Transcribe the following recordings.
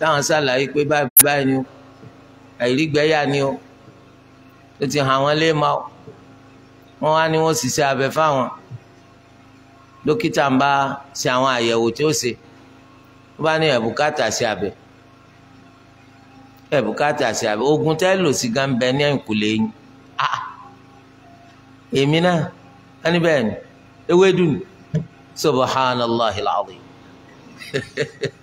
táwọn ṣàlàyé pé báyìí báyìí ni o àìrígbẹ́yà ni o ó ti hàn ma o wọ́n wá ní wọ́n ṣe abẹ fáwọn dókítà ń bá ṣe àwọn àyẹ̀wò tí ó ṣe bá ní ẹ̀bùkátà ṣe abẹ ẹ̀bùkátà ṣe abẹ ogun tẹ́ lò sí gan bẹ ní ah èmi náà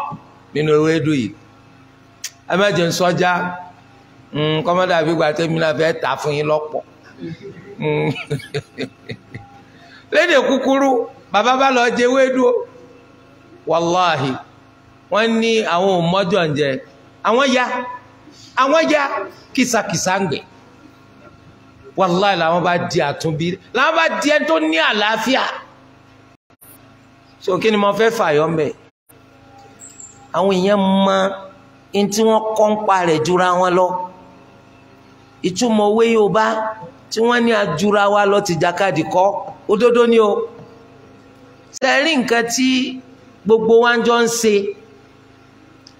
nínú ewédú yìí ẹ má jẹ́ ń sọ́jà hmm, kọ́mọ́dà àbígbà tẹ́mi náà fẹ́ tà fún yín lọ́pọ̀ hmm. lédè kúkúrú bàbá bá lọ jẹ ewédú wàláhì wọ́n ní àwọn òmọ́jọ́ ń jẹ àwọn ya àwọn ya kìsàkìsà ń gbé wàláì làwọn bá di àtúnbí làwọn bá di ẹ tó ní àlàáfíà so kí ni mo fẹ́ fàyọ́ mẹ́ẹ̀ àwọn èèyàn mọ ẹni tí wọ́n kọ́ ń pa rẹ̀ jura wọn lọ ìtumọ̀ òwe Yorùbá tí wọ́n ní ajura wa lọ ti jàkadì kọ́ òdodo ni o sẹ́rí nǹkan tí gbogbo wa jọ ń ṣe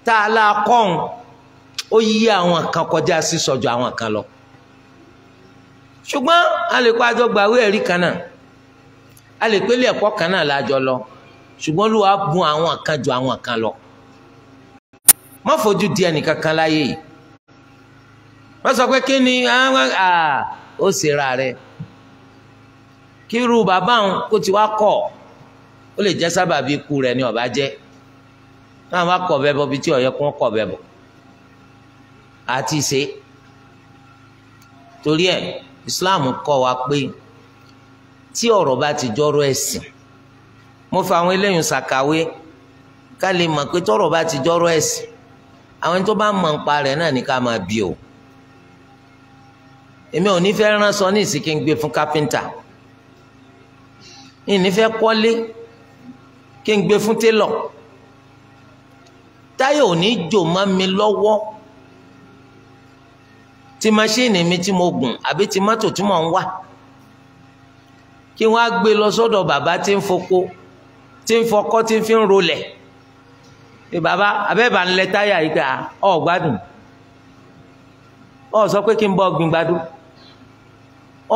tá a la kọ́hún ó yí àwọn kan kọjá sí sọ́jọ́ àwọn kan lọ ṣùgbọ́n a lè kó àjọ gbàwé ẹ̀rí kan náà a lè pélé ẹ̀kọ́ kan náà lájọ lọ ṣùgbọ́n ló wàá bùn àwọn kan ju àwọn kan lọ má fojú di ẹnìkankan láyé yìí má sọ pé kí ni ó ṣera rẹ kí irú bàbá òun kó ti wá kọ ó lè jẹ sábàbí ikú rẹ ni ọba jẹ náà wá kọ bẹbọ bí tí ọyọ kún kọ bẹbọ àti ṣe torí ẹ Islam kọ́ wa pé tí ọ̀rọ̀ bá ti jọ̀rọ̀ ẹ̀sìn mo fa àwọn eléyìí ṣàkàwé ká lè mọ̀ pé tọ́rọ̀ bá ti jọ̀rọ̀ ẹ̀sìn àwọn tó bá mọ̀ nípa rẹ̀ náà ní ká máa bí o èmi ò ní fẹ́ ránṣọ ní ìsìnkí ń gbé fún kápẹ́ńtà ní ìnífẹ́ kọ́lé kí n gbé fún télọ̀ táyà ò ní jò má mi lọ́wọ́ ti maṣíìnì mi tí mo gùn àbí ti mọ́tò tí mò ń wà kí wọ́n á gbé lọ sọ́dọ̀ bàbá tí ń foko tí ń fọkọ́ tí ń fi ń rolẹ̀ pé bàbá abẹ́bà ń lẹ táyà yìí ká ọ̀ gbádùn ọ̀ sọ pé kí n bọ́ gbin gbadú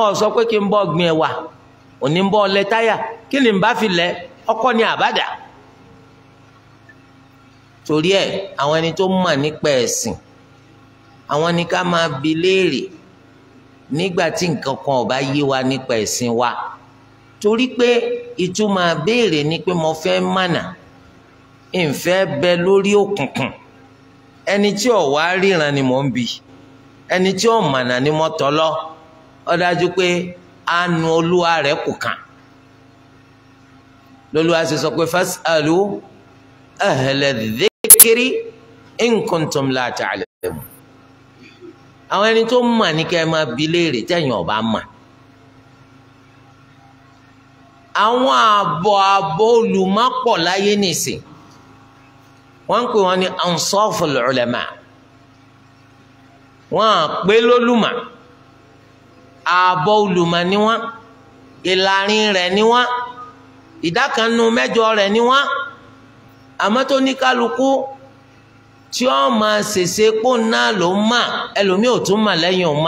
ọ̀ sọ pé kí n bọ́ gbin ẹ̀wà òní ń bọ́ lẹ táyà kí ni n bá fi lẹ ọkọ ni àbádà torí ẹ àwọn ẹni tó mọ̀ nípa ẹ̀sìn àwọn ni ká máa bi léèrè nígbà tí nǹkan kan ò yé wa nípa ẹ̀sìn wa torí pé ìtumọ̀ àbéèrè ni pé mo fẹ́ mànà. ìfẹ́ bẹ lórí òkùnkùn ẹni tí ò wá ríran ni mò ń bi ẹni tí ò mànà ni mo tọ́ lọ ọ dájú pé àánú olúwa rẹ̀ kù kàn lolúwa sì sọ pé fasalu ahla dhikri in kuntum la ta'lamun àwọn ẹni tó mà ní kẹ́ ẹ máa bi léèrè tẹ̀yìn ọba mà àwọn àbọ̀ àbọ̀ olùmọ̀pọ̀ láyé nìsín wọ́n ń pè wọ́n ní ansaful ulama wọ́n à pé lólùmọ̀ ààbọ̀ olùmọ̀ ni wọ́n ìlàrin rẹ̀ ni wọ́n ìdákanu mẹ́jọ rẹ̀ ni wọ́n àmọ́ tó ní kálukú tí ó máa ṣèṣe pò náà ló mà ẹlòmíì ò tún mà lẹ́yìn òun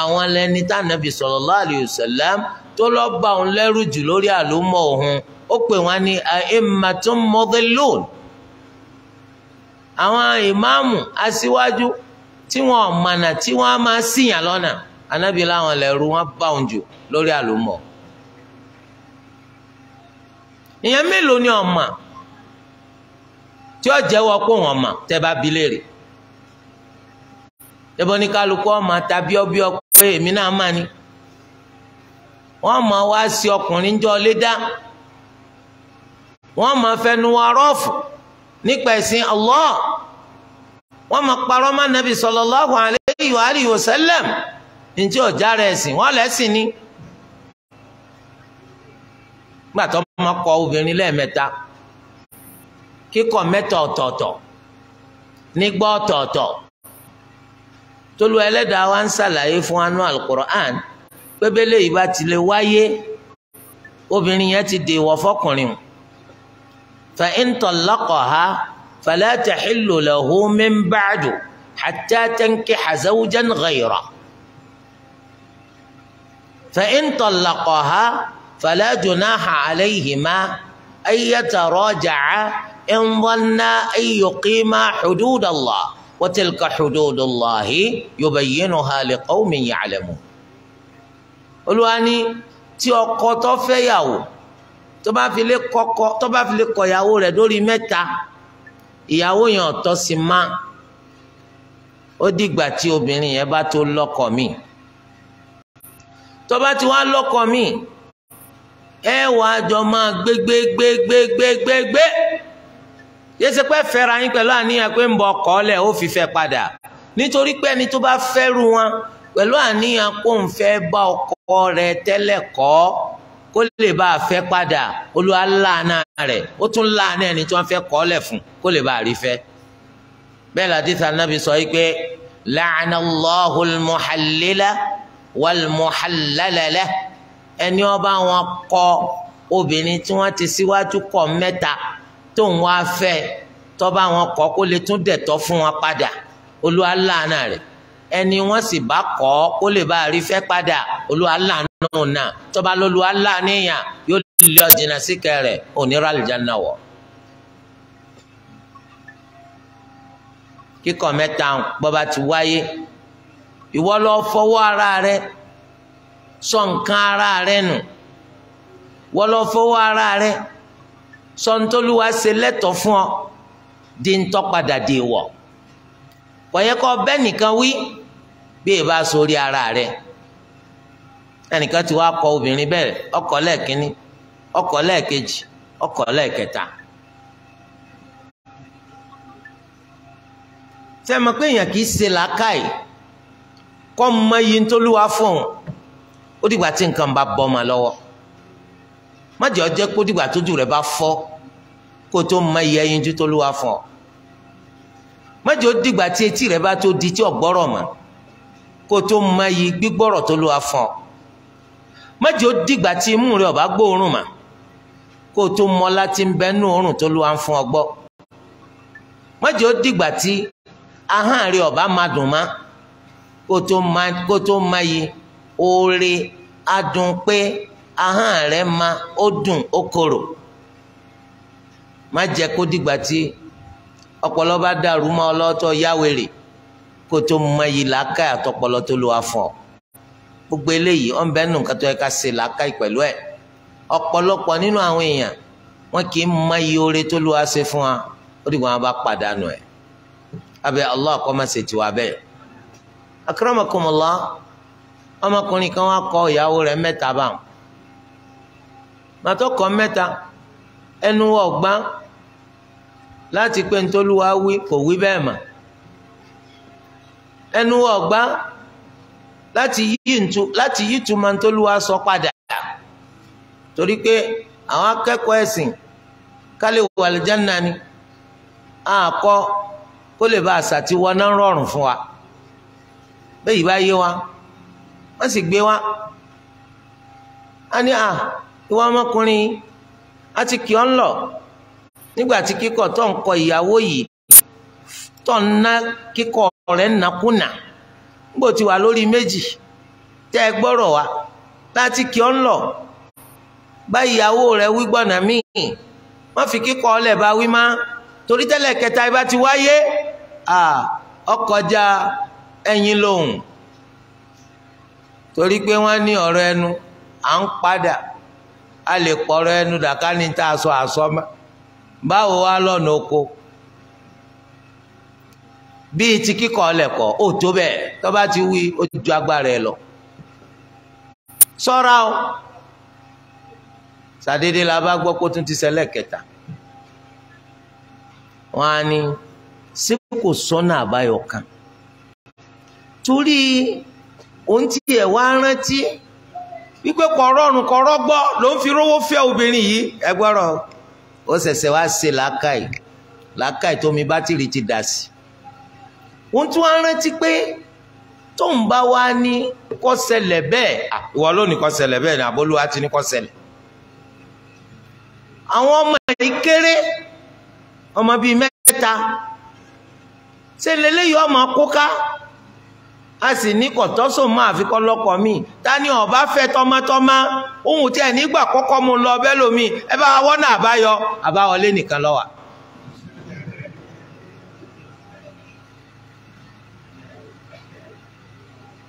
àwọn ẹlẹ́ni tá nàbì sallallahu alayhi wa tó lọ bá òun lẹ́rù jù lórí àlómọ̀ òun ó pè wọ́n ní a'immatun mudhillun àwọn ìmáàmù aṣíwájú tí wọn mọ̀nà tí wọn máa ṣìyàn lọ́nà anábì láwọn lẹ́rú wọn bá òun jù lórí àlùmọ̀ ìyẹn mélòó ni ọmọ tí ó jẹ́wọ́ pé wọn mọ̀ tẹ́ bá bi léèrè ẹbọ ní kálukú ọmọ tàbí ọbí ọkọ pé èmi náà máa ní wọn máa wá sí ọkùnrin jọ lé dá wọn máa fẹnu wa rọ́ọ̀fù nípa ẹ̀sìn Allah wọ́n máa parọ́ má nàbì sallallahu alayhi wa alihi wa sallam ntí ọ̀já rẹ̀ ẹ̀sìn wọ́n lẹ́sìn ni. nígbà tó máa kọ obìnrin lẹ́ẹ̀mẹ́ta kíkọ mẹ́ta ọ̀tọ̀ọ̀tọ̀ nígbà ọ̀tọ̀ọ̀tọ̀ tolu ẹlẹ́dàá wa ń ṣàlàyé fún anú al-Qur'an yìí bá ti wáyé obìnrin yẹn ti dèwọ̀ fọkùnrin o. فإن طلقها فلا تحل له من بعد حتى تنكح زوجا غيره فإن طلقها فلا جناح عليهما أن يتراجعا إن ظنا أن يقيما حدود الله وتلك حدود الله يبينها لقوم يعلمون. Olúwa ni tí ọkọ tó tó bá fi lè kọkọ tó bá fi lè kọ ìyàwó rẹ̀ lórí mẹ́ta ìyàwó yẹn ọ̀tọ̀ sí má ó dìgbà tí obìnrin yẹn bá tó lọ́kọ mi tó bá ti wá lọ́kọ mi ẹ wàá jọ máa gbé gbé gbé gbé gbé gbé gbé yéésì pé fẹ́ra yín pẹ̀lú àníyàn pé ń bọ ọkọ lẹ̀ ó fi fẹ́ padà nítorí pé ẹni tó bá fẹ́rù wọn pẹ̀lú àníyàn kó ń fẹ́ bá ọkọ rẹ̀ tẹ́lẹ̀ kọ́ kó lè bá a fẹ́ padà olúwa láàánà rẹ̀ ó tún láàánà ẹni tí wọ́n fẹ́ kọ́ lẹ̀ fún kó lè bá a rí fẹ́. bẹ́ẹ̀ la títa nàbí sọ yìí pé la'ana Allahu al-muhallila wal-muhallala lahu ẹni ó bá wọn kọ obìnrin tí wọ́n ti síwájú kọ mẹ́ta tó ń wá fẹ́ tó wọn kọ kó lè tún dẹ̀tọ́ fún wọn padà olúwa láàánà rẹ̀ ẹni wọ́n sì bá kọ́ kó lè bá a rí fẹ́ padà olúwa láàánà náà nà tọ́ba lólu Allah níyàn yóò lé ọ̀jìnà síkẹ́ rẹ̀ onírà àlùjáná wọ̀. kíkọ̀ mẹ́ta bọ́ba ti wáyé ìwọ lọ fọwọ́ ara rẹ sọ nǹkan ara rẹ nù ìwọ lọ fọwọ́ ara rẹ sọ ntọ́lúwa ṣe lẹ́tọ̀ fún ọ di ntọ́ padà di wọ̀ kọ̀yẹ́kọ̀ bẹ́ẹ̀ nìkan wí bí ìbá sórí ara rẹ ẹnìkan ti wá kọ obìnrin bẹ́ẹ̀ ọkọ lẹ́ẹ̀kínní ọkọ lẹ́ẹ̀kejì ọkọ lẹ́ẹ̀kẹta. tẹ́ ẹ mọ̀ pé èèyàn kì í ṣe làákàyè kọ́ mọ iye tó lúwa fún un ó dìgbà tí nǹkan bá bọ́ ọmọ lọ́wọ́ má jẹ́ ọjẹ́ kó dìgbà tójú rẹ̀ bá fọ́ kó tó mọ iye tó lúwa fún ọ má ó dìgbà tí etí rẹ̀ bá tó di tí ọ̀gbọ́rọ̀ mọ́ kó tó mọ gbígbọ́rọ̀ tó fún ọ mẹjọ ó dìgbà tí imú rẹ ọba gbóòórùn mà kó o tó mọlá tí ń bẹnu òórùn tó ló wá ń fún ó dìgbà tí ahọ́n rẹ ọba máa dùn má kó o tó má yí oore adùn pé ahọ́n rẹ ma ó dùn ó korò má jẹ kó dìgbà tí ọpọlọ bá dàrú mọ́ ọlọ́tọ̀ yáwèrè kó o tó má yí làákàyà tọpọlọ tó ló wá gbogbo eléyìí ọ̀n bẹ́ẹ̀ nù kátó ẹ̀ka laaka làákàyè pẹ̀lú ẹ̀ ọpọlọpọ nínú àwọn èèyàn wọn kì í mọ iye oore tó lù wá fún wa ó dìgbà wọn bá pàdánù Allah kó tiwa bẹ́ẹ̀ akramakumullah ọmọkùnrin kan wá kọ ìyàwó ẹnu ọgbà láti pé ntòlúwa wí kò wí mà ẹnu láti yí ǹtu láti yí ìtumọ̀ tó lù wá sọ padà torí pé àwọn akẹ́kọ̀ọ́ ẹ̀sìn kálí wàlìjánná ni àkọ́ kó lè bá àṣà tí wọn náà rọrùn fún wa bẹ́ẹ̀ bá yé wa wọ́n sì gbé wa a ní à ìwọ ọmọkùnrin a ti kì ọ́ ń lọ nígbà tí kíkọ̀ tó ń kọ ìyàwó yìí tó ń ná kíkọ̀ rẹ̀ nàkúnà. bó ti wà lórí méjì tẹ́ ẹ gbọ́rọ̀ wa láti kí ọ́ ń lọ bá ìyàwó rẹ̀ wí míì wọ́n fi kíkọ́ ọlẹ̀ bá wí má torí tẹ́lẹ̀ kẹta ibà ti wáyé a ẹyin lòun torí pé wọ́n ní ọ̀rọ̀ ẹnu à ń padà a lè pọ̀rọ̀ ẹnu dàkánì tá a sọ àsọmọ́ báwo wá lọ́nà oko. bíi ti kíkọ ọlẹ́kọ̀ ó tó bẹ́ẹ̀ tó bá ti wí ó ju agbára ẹ lọ. sọra o sàdédé la bá gbọ́ kó tún ti ṣẹlẹ̀ kẹta wọn á ní ṣé kò sọ́nà àbáyọ kan torí òun ti ẹ̀ wá rántí wípé kọ̀rọ̀ọ̀rùn kọ̀rọ̀gbọ́ ló ń fi rówó fẹ́ obìnrin yìí ẹgbẹ́rọ̀ ó ṣẹ̀ṣẹ̀ wá ṣe làákàyè làákàyè tómi bátìrì ti dà sí i. òun tí wọ́n rántí pé tóun bá wá ní kó bẹ́ẹ̀ ìwọ ló ní kó bẹ́ẹ̀ ni àbólúwa ti ní kó ṣẹlẹ̀ àwọn ọmọ yìí kéré ọmọ bíi mẹ́ta ṣe lélẹ́yìí ọmọ kóká a sì ní kọ̀tọ́sò máa fi kọ́ lọ́kọ̀ mi ta ni ọba fẹ́ tọmọtọmọ ohun tí ẹ̀ nígbà kọ́kọ́ mu lọ bẹ́lòmíì ẹ bá wọ́n náà àbáyọ àbáwọlé nìkan lọ́wọ́.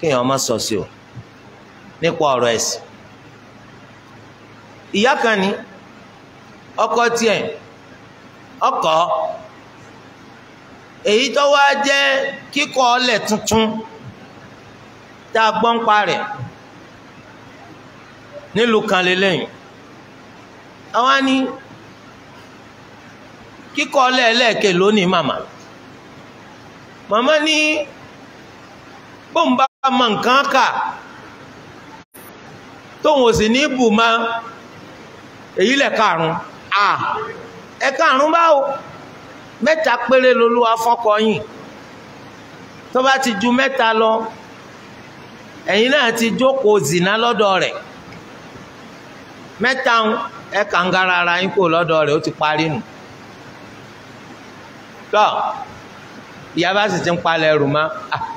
kéèyàn ọmọ sọ o nípa ọ̀rọ̀ ẹ̀sìn ìyá kan ní ọkọ tiẹ̀ ọkọ̀ èyí tó wá jẹ́ kíkọ́ ọlẹ̀ tuntun tá a gbọ́n pa rẹ̀ nílùú kan lélẹ́yìn àwọn á ní kíkọ́ lẹ́ẹ̀lẹ́ẹ̀kẹ́ lónìí màmá màmá ní bóun bá mọ̀ nǹkan kà tóhun ò sì ní bù ma èyí lẹ̀ karùn à ẹ karùn báwo mẹ́ta péré lolúwa fọ́kọ yín tó bá ti ju mẹ́ta lọ ẹ̀yin náà ti jókòó zìnà lọ́dọ̀ rẹ̀ mẹ́ta ẹ kàǹgara ara yín kò lọ́dọ̀ rẹ̀ ó ti parí nù ìyá bá sì ti ń palẹ̀ ẹrù mọ́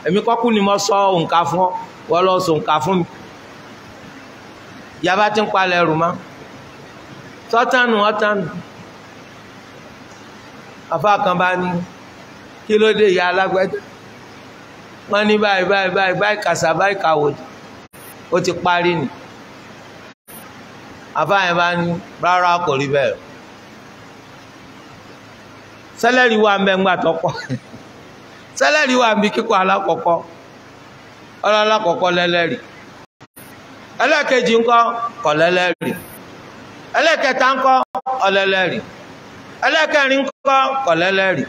èmi kọ́kú ni mo sọ òǹkà fún ọ wọ́n lọ sọ òǹkà fún mi ìyá bá ti ń palẹ̀ ẹrù mọ́ tọ́tànù ọ̀tànù àfa kan bá ní kí ló dé ìyá alágbẹ́dẹ́ wọ́n ní báyìí báyìí báyìí báyìí kàṣà báyìí kàwòdì ó ti parí ni àfa yẹn bá ní rárá kò rí bẹ́ẹ̀ sẹ́lẹ̀rì wà ń bẹ́ ń sẹlẹri wà bí kíkọ alákọ̀ọ́kọ́ ọlọlákọ̀ọ́kọ́ lẹlẹri ẹlẹ́kejì ńkọ́ kọlẹlẹri ẹlẹ́kẹta ńkọ́ ọlẹlẹri ẹlẹ́kẹrin ńkọ́ kọlẹlẹri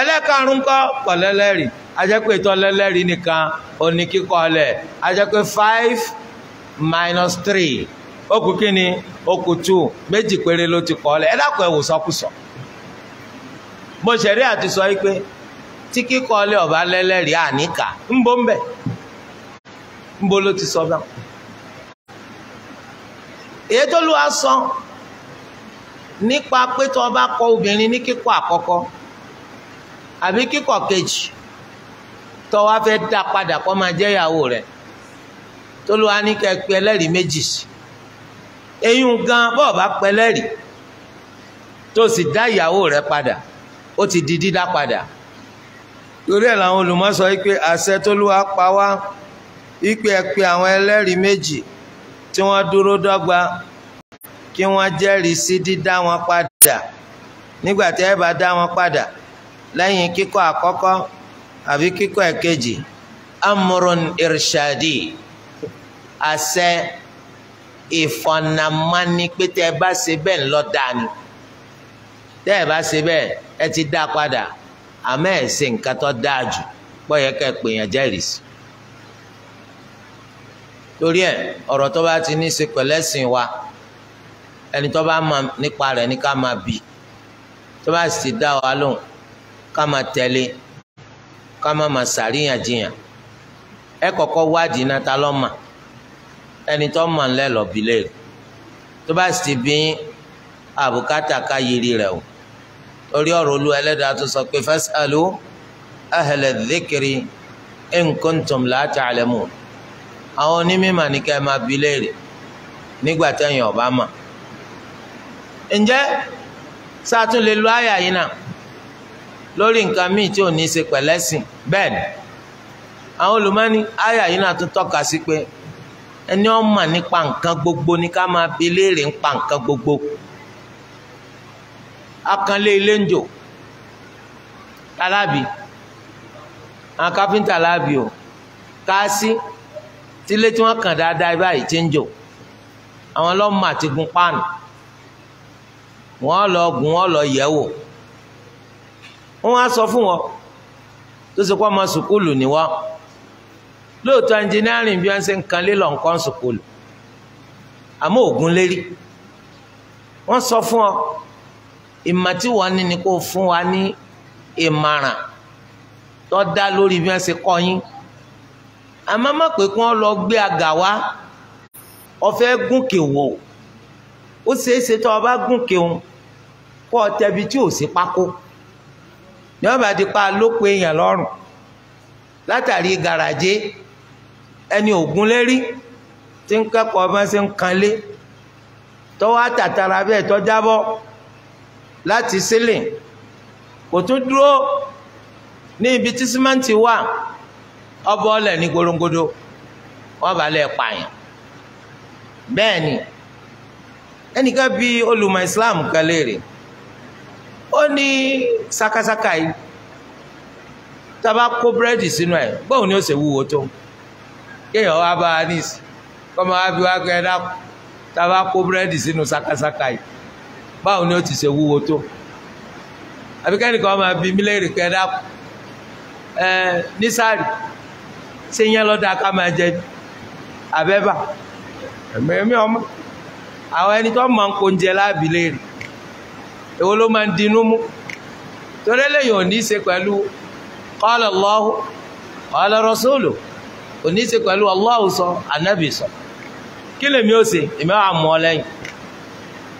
ẹlẹ́karùn ńkọ́ kọlẹlẹri ajẹpẹ ìtọ lẹlẹri nìkan òní kíkọ ọlẹ ajẹpẹ five minus three ó kù kíni ó kù two méjì péré ló ti kọ ọlẹ ẹ dákun ẹ wò sọkùsọ mo ṣẹ̀rí àti sọ yìí pé. tí kíkọ́ ilé ọba lẹ́lẹ́rìí àníkà ń bọ́ ń bẹ̀ ń bọ́ ló ti sọ bá. èyí tó lù wá sọ nípa pé ọba kọ obìnrin ní kíkọ́ àkọ́kọ́ àbí kíkọ́ kejì tó wá fẹ́ dá padà kó máa jẹ́ ìyàwó rẹ̀ tó lù wá ní méjì sí eyín gan tó sì dá ìyàwó rẹ̀ torí ẹ̀ làwọn olùmọ̀sọ wípé àṣẹ t'Olúwa pa wá wípé ẹ pe àwọn ẹlẹ́rìí méjì tí wọ́n dúró dọ́gba kí wọ́n jẹ́rìí sí dídá wọn padà nígbà tí ẹ bá dá wọn padà lẹ́yìn kíkọ́ àkọ́kọ́ àbí kíkọ́ ẹ̀kejì amúrun irshadi àṣẹ ìfọ̀nàmánì pé tẹ́ ẹ bá ṣe bẹ́ẹ̀ ńlọ dání tẹ́ ẹ bá ṣe bẹ́ẹ̀ ẹ ti dá padà àmọ́ ẹ̀ ṣe nǹkan tó dáa jù pọ̀yẹ ká pè yàn jẹ́rìsì. torí ẹ̀ ọ̀rọ̀ tó bá ti ní í ṣe pẹ̀lẹ́sìn wa ẹni tó bá mọ̀ nípa rẹ̀ ní ká máa bì tó bá sì dá wa lóhùn ká máa tẹ̀lé ká máa máa ṣàríyànjiyàn ẹ kọ́kọ́ wádìí náà ta ló mọ̀ ẹni tó mọ̀ ńlẹ́ lọ́ọ́ bi tó bá sì ti bí àbùkátà ká yiri rẹ̀ o. orí ọ̀rọ̀ olú ẹlẹ́dàá tó sọ pé fasalu ahla dhikri in kuntum la ta'lamun àwọn onímọ̀ ní ká ẹ máa bi léèrè nígbà tẹ̀yìn ọ̀bá mọ̀ ǹjẹ́ sátún lè àyà yìí náà lórí nǹkan míì tí ò ní í ṣe pẹ̀lẹ́sìn bẹ́ẹ̀ ni àwọn olùmọ́ni àyà yìí náà tún tọ́ka sí pé gbogbo ní ká bi léèrè nípa nǹkan gbogbo. akanlé ilé ń jò alábì àwọn káfíńtà alábì o káásí tílé tí wọ́n kàn dáadáa báyìí ti ń jò àwọn ọlọ́mọ àti gun páànù wọ́n lọ gun wọ́n lọ yẹ̀ wò wọ́n á sọ fún wọn tó ṣe kó ọmọ sùkúlù ni wọ́n lóòótọ́ ẹnjìnírìn bí wọ́n ṣe ń kan lílọ̀ nǹkan sùkúlù àmọ́ ògùn lérí wọ́n sọ fún ọ ìmọ̀ tí wọ́n ní ni kó fún wa ní ìmọ̀ràn tó dá lórí bí wọ́n ṣe kọ́ yín àmọ́ má pé kí wọ́n lọ gbé àgà wá ọ̀fẹ́ gúnkè wò ó ṣeéṣe tó o bá gúnkè o kó o tẹbi tí ò sí pákó ní wọ́n ti pa lóko èèyàn lọ́rùn látàrí garaje ẹni ògún lérí tí ń kẹ́kọ̀ọ́ bá ṣe ń kanlé tọ́wọ́ àtàtàrà bẹ́ẹ̀ tọ́jábọ́ láti sílìn kò tún dúró ní ibi tí símẹ́ǹtì wà ọbọ̀ ọlẹ̀ ní gorongodo wọ́n bá lẹ̀ pààyàn bẹ́ẹ̀ ni ẹnìkan bí olùmọ̀ Islam kan léèrè ó ní sakasaka yìí tá a bá kó búrẹ́dì sínú ẹ̀ báwo ni ó ṣe wúwo tó kéèyàn wá bá a níìsì kọ́mọ wá bí wá gbẹ́ dákú kó búrẹ́dì sínú sakasaka yìí báwo ni ó ti ṣe wúwo tó àbí kẹ́nìkan máa bí mílíọ̀nù kẹ́dá ẹ nísàárì ṣé yẹn lọ́dà ká máa jẹ àbẹ́bà ẹ̀mí ọmọ àwọn ẹni tó máa ń kó oúnjẹ láàbì léèrè èwo ló máa ń dinú mú torí eléyìí ò ní í ṣe pẹ̀lú qala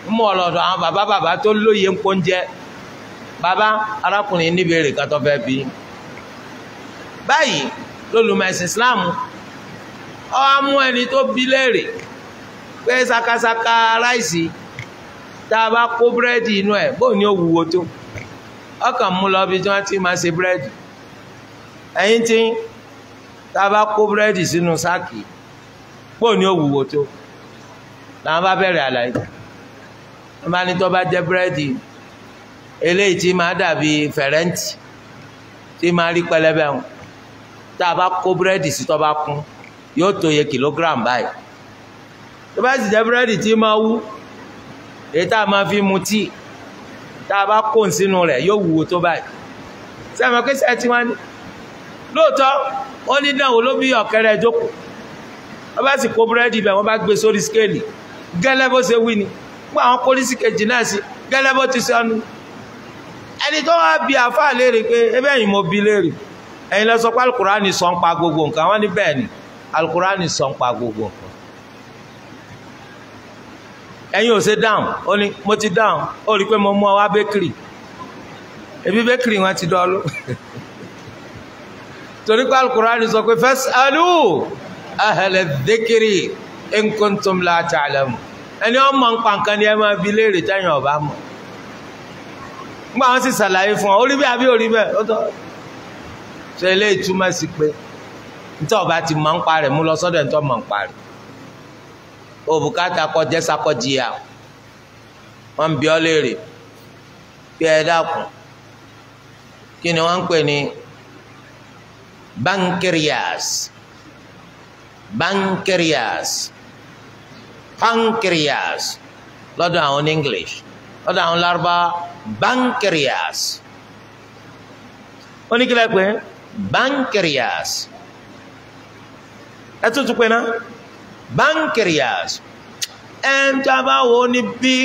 mú ọ ọ̀rọ̀ àwọn bàbá bàbá tó lóye ń pọ́n jẹ́ bàbá arákùnrin níbèrè kan tó fẹ́ bí. báyìí lólùmọ̀ẹ́sì islam ọ á mú ẹni tó bí léèrè pé sakasaka ráìsì tá a bá kó búrẹ́dì inú ẹ̀ bóun ni ó wúwo tó ọkàn mú lọ bí tí wọ́n ti máa ṣe búrẹ́dì ẹ̀yìn tí tá a bá kó búrẹ́dì sínú sáàkì máa ní tó bá jẹ́ búrẹ́dì eléyìí tí máa dàbí fẹ̀rẹ́ǹtì tí máa rí pẹlẹbẹ ń tá a bá kó búrẹ́dì sí tó bá kún yóò tó yẹ kìlógíráàmù báyìí tó bá sì jẹ́ búrẹ́dì tí máa wú èyí tá a máa fi mu tíì tá a bá kó sínú rẹ̀ yóò wúwo tó báyìí sẹ́mi pé sẹ́ẹ̀ tí wọ́n ní lóòótọ́ ó ní náà wò ló bí ọ̀kẹ́rẹ́ jókòó wọ́n bá sì kó búrẹ́dì bẹ̀ wọ́n bá gbé sórí skéèlì gẹ́lẹ́ bó ṣe wí ni pé àwọn polisi kejì náà sí gẹ́lẹ́ bó ti sọnù ẹni tó wá bi àfáà léèrè pé ebe ẹ̀yin mo bi léèrè ẹ̀yin lọ sọ pé alukurani sọ ń pa gbogbo nǹkan wọ́n ní bẹ́ẹ̀ ni alukurani sọ ń pa gbogbo nǹkan ẹ̀yin ò ṣe dáhùn ó ní mo ti dáhùn ó rí i pé mo mú ọ wá bẹ́kìrì ebi bẹ́kìrì wọn ti dọ́ọ́lú torí pé alukurani sọ pé fas'alu ahla dhikri in kuntum la ta'lamun ẹni ọmọ nǹkan kan ni ẹ máa bi léèrè tẹ́yìn ọ̀bá mọ̀ nígbà wọn sì ṣàlàyé fún ọ orí bẹ́ẹ̀ àbí orí bẹ́ẹ̀ ó tọ́ ṣe eléyìí túmọ̀ sí pé níta ọba ti máa ń parẹ̀ mú lọ sọ́dọ̀ níta ọmọ ń parẹ̀ òbúkátà kọjẹ́ sakọjìyà wọn ń bi ọ́ léèrè bí ẹ dákun kí ni wọ́n ń pè ní bankirias bankirias pancreas lọ́dọ̀ àwọn English lọ́dọ̀ àwọn larba. pancreas ó ní kí lẹ́ pé pancreas ẹ tún tún pé náà pancreas ẹ̀ ń a bá wò ní bí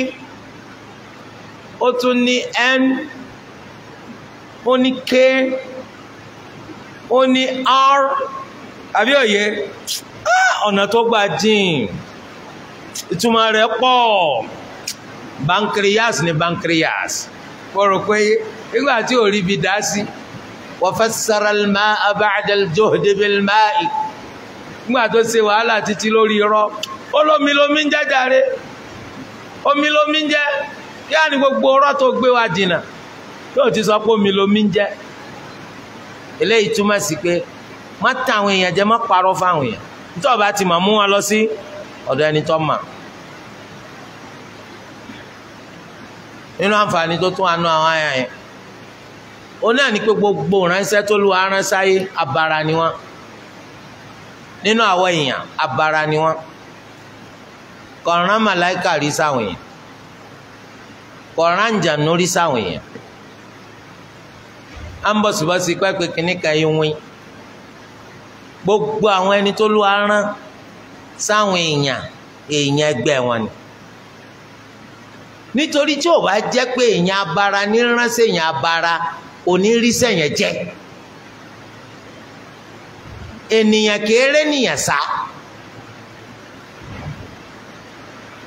ó tún ní n ó ní k ó ní r àbí òye ah, ọ̀nà tó gbà jìn. ìtumọ̀ rẹ̀ pọ̀ bankiriyas ni bankiriyas kọ̀rọ̀ pé nígbà tí ò rí bi dá sí wa fassara al-ma'a ba'da al-juhdi bil nígbà tó ṣe wàhálà títí lórí irọ́ ó lómi lómi ń omi lómi ń gbogbo ọ̀rọ̀ tó gbé wa dìnà yóò ti sọ pé omi lómi ń eléyìí túmọ̀ sí pé má èèyàn jẹ má parọ́ fáwọn èèyàn nítorí ọba ti mọ̀ mú ọ̀dọ̀ ẹni tó mà nínú àǹfààní tó tún àánú àwọn àyà yẹn ó náà ní pé gbogbo ìránṣẹ́ tó lu aránṣẹ́ ayé abara ni wọ́n nínú àwọn èèyàn abara ni wọ́n kọ̀ọ̀rán màláìkà rí sáwọn èèyàn kọ̀ọ̀rán jàǹdù rí sáwọn èèyàn à ń bọ̀sibọ́sí pẹ́pẹ́ kìnnìkan yìí wín gbogbo àwọn ẹni tó lu aránṣẹ́ sáwọn èèyàn èèyàn ẹgbẹ́ wọn ni nítorí tí ò bá jẹ́ pé èèyàn abara níránṣẹ́ èèyàn abara oníríṣẹ́ yẹn jẹ́ ènìyàn kéré nìyàn sá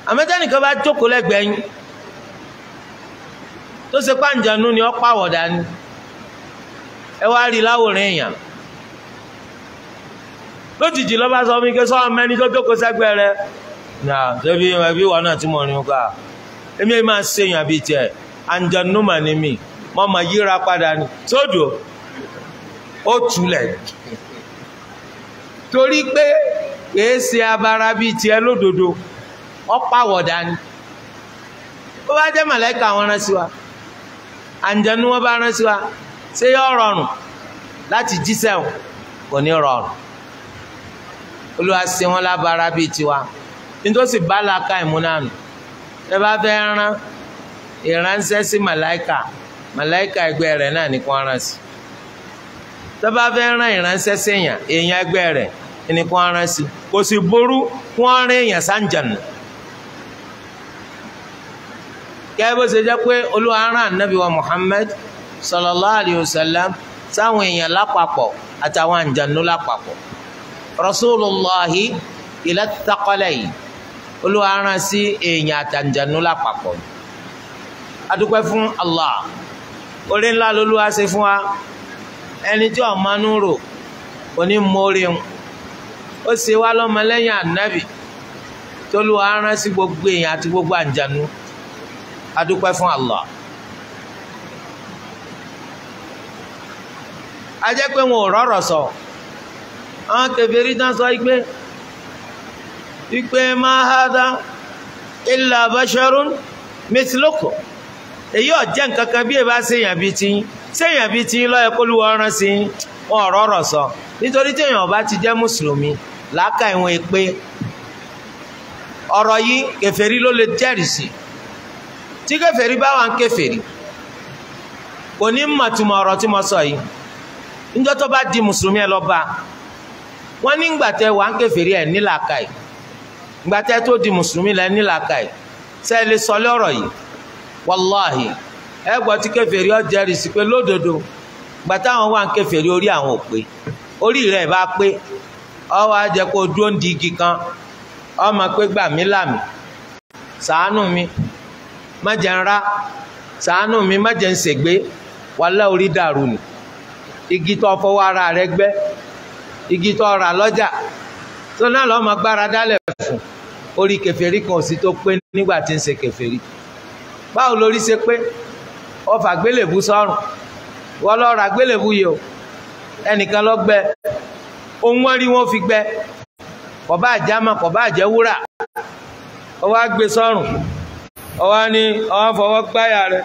àmọ́tẹ́nìkan bá jókòó lẹ́gbẹ̀ẹ́ yín tó ṣe pàǹjánú ni ọ́ pàwọ̀dà ni ẹ wá rí i láwòrán èèyàn lójijì ló bá sọ fún mi kí sọ́ọ́ mẹ́ni tó jókòó sẹ́gbẹ́ rẹ̀ náà débi ẹbí wa náà tí mo rìn ká èmi ẹ̀ máa ṣe èèyàn bíi tiẹ̀ àǹjẹ̀nùmọ̀ ni mi mo máa yíra padà ni sódò ó tulẹ̀ torí pé kìí ṣe abara bíi tiẹ̀ lódodo ọ̀pàwọ̀dà ni ó bá jẹ́ mọ̀lẹ́kà wọn rán sí wa àǹjẹ̀nù wọn bá rán sí wa ṣé yọ rọrùn láti jíṣẹ́ wọn kò ní rọrùn olúwa ṣe wọn lábara bíi tiwa nítòsí bálaka ìmúnánu ẹ bá fẹ́ rán ìránṣẹ́ sí màláìka màláìka ẹgbẹ́ rẹ̀ náà ní kó rán sí tó bá fẹ́ rán ìránṣẹ́ sèèyàn èèyàn ẹgbẹ́ rẹ̀ ní kó rán sí kò sì burú kó rán èèyàn sáǹjànù gẹ́gẹ́ bó ṣe jẹ́ pé olúwa rán ànábì wa Muhammad sallallahu alayhi wa sallam sáwọn èèyàn lápapọ̀ àtàwọn àǹjànù lápapọ̀. rasulullahi ila taqalayi olúwa rán sí èèyàn àtàǹjànú lápapọ̀ adúpẹ́ fún allah orí ńlá lolúwa fún wa ẹni tí wọn máa rò òní mórí ń ó ṣe wá lọ́mọlẹ́yìn ànábì tí sí gbogbo èèyàn àti gbogbo àǹjànú adúpẹ́ fún allah. a jẹ́ sọ. àwọn kèfèrí tán sọ wípé wípé ma hadha illa basharun mithlukum èyí ọ̀jẹ́ nǹkan kan bí èbá séèyàn bíi ti yín séèyàn bíi ti yín lọ́yẹ kó lúwọ́ rán sí yín wọn ọ̀rọ̀ ọ̀rọ̀ sọ nítorí téèyàn bá ti jẹ́ mùsùlùmí làákà ìwọ̀n èpè ọ̀rọ̀ yìí kèfèrí ló lè jẹ́rìí tí kèfèrí bá wà ń kèfèrí kò ní mọ̀túmọ̀ ọ̀rọ̀ tí mo sọ yìí níjọ́ wọ́n ní ngbàtẹ wà ń kèfèrí ẹ nílàkà yìí ngbàtẹ tó di mùsùlùmí lẹ nílàkà yìí ṣé ẹ lè sọ lọ́rọ̀ yìí wàláhì ẹ gbọ́ tí kèfèrí ọ jẹ́rìí sí pé lódodo gbàtà àwọn wà ń kèfèrí orí àwọn ò pé orí rẹ̀ bá pé ọwọ́ ajẹ́ kó dúró ń di igi kan ọmọ pé gbà mí làmì ṣàánú mi má jẹ́ ń rá ṣàánú mi má jẹ́ ń ṣègbé wàlá orí dàrú ni igi tó fọwọ́ ara rẹ̀ gbẹ́ igi tó ra lọ́jà tó náà lọ́ọ́ máa gbára dálẹ̀ fún orí kèfèrí kan ò sí tó pé nígbà tí ń ṣe kèfèrí báwo lórí ṣe pé ọfà gbélébú sọ́rùn wọ́n lọ́ọ́ ra gbélébú yìí o ẹnìkan lọ gbẹ ohun wọn rí wọn fi gbẹ kò bá jẹ́ amọ̀ kò bá jẹ́ wúrà ọwọ́ á gbé gbáyà rẹ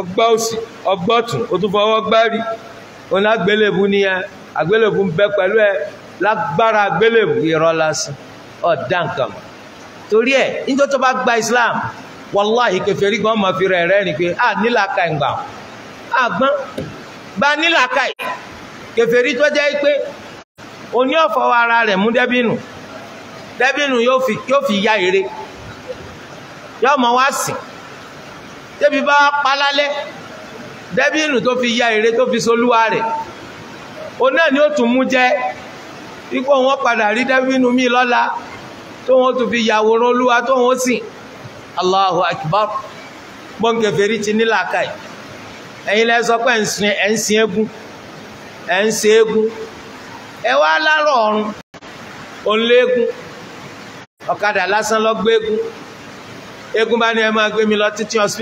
ọgbọ́ òsì ọgbọ́tún ó tún fọwọ́ gbárí òun nìyẹn àgbélébù ń bẹ pẹ̀lú ẹ lágbára àgbélébù irọ́ lásán ọ̀dà nǹkan mọ̀ torí ẹ̀ níjọ́ bá gba Islam wàláhì kèfèrí gan máa fi rẹ̀ rẹ́ ni pé a nílàka ìgbà àgbọn gba nílàka ì kèfèrí tó jẹ́ pé oní ọ̀fọ̀ ara rẹ̀ mú dẹ́bìnù dẹ́bìnù yóò fi ya ère yóò mọ̀ wá sìn débi bá palálẹ́ dẹ́bìnù tó fi ya ère tó fi solúwa rẹ̀. o náà ni ó tún mú jẹ wípé wọn padà rí mi lọ́la tó wọn tún fi yàwòrán olúwa tó wọn sìn Allahu Akbar gbọ́nkẹfẹ́rí ti ní làákàyè ẹ̀yin lẹ́ sọ pé ẹ̀ ń sin egu ẹ̀ ń sin eégún ẹ wá lárọ̀ ọ̀run olégun ọ̀kadà lásán lọ gbégun eégún bá ní ẹ máa gbé mi lọ títí wo ni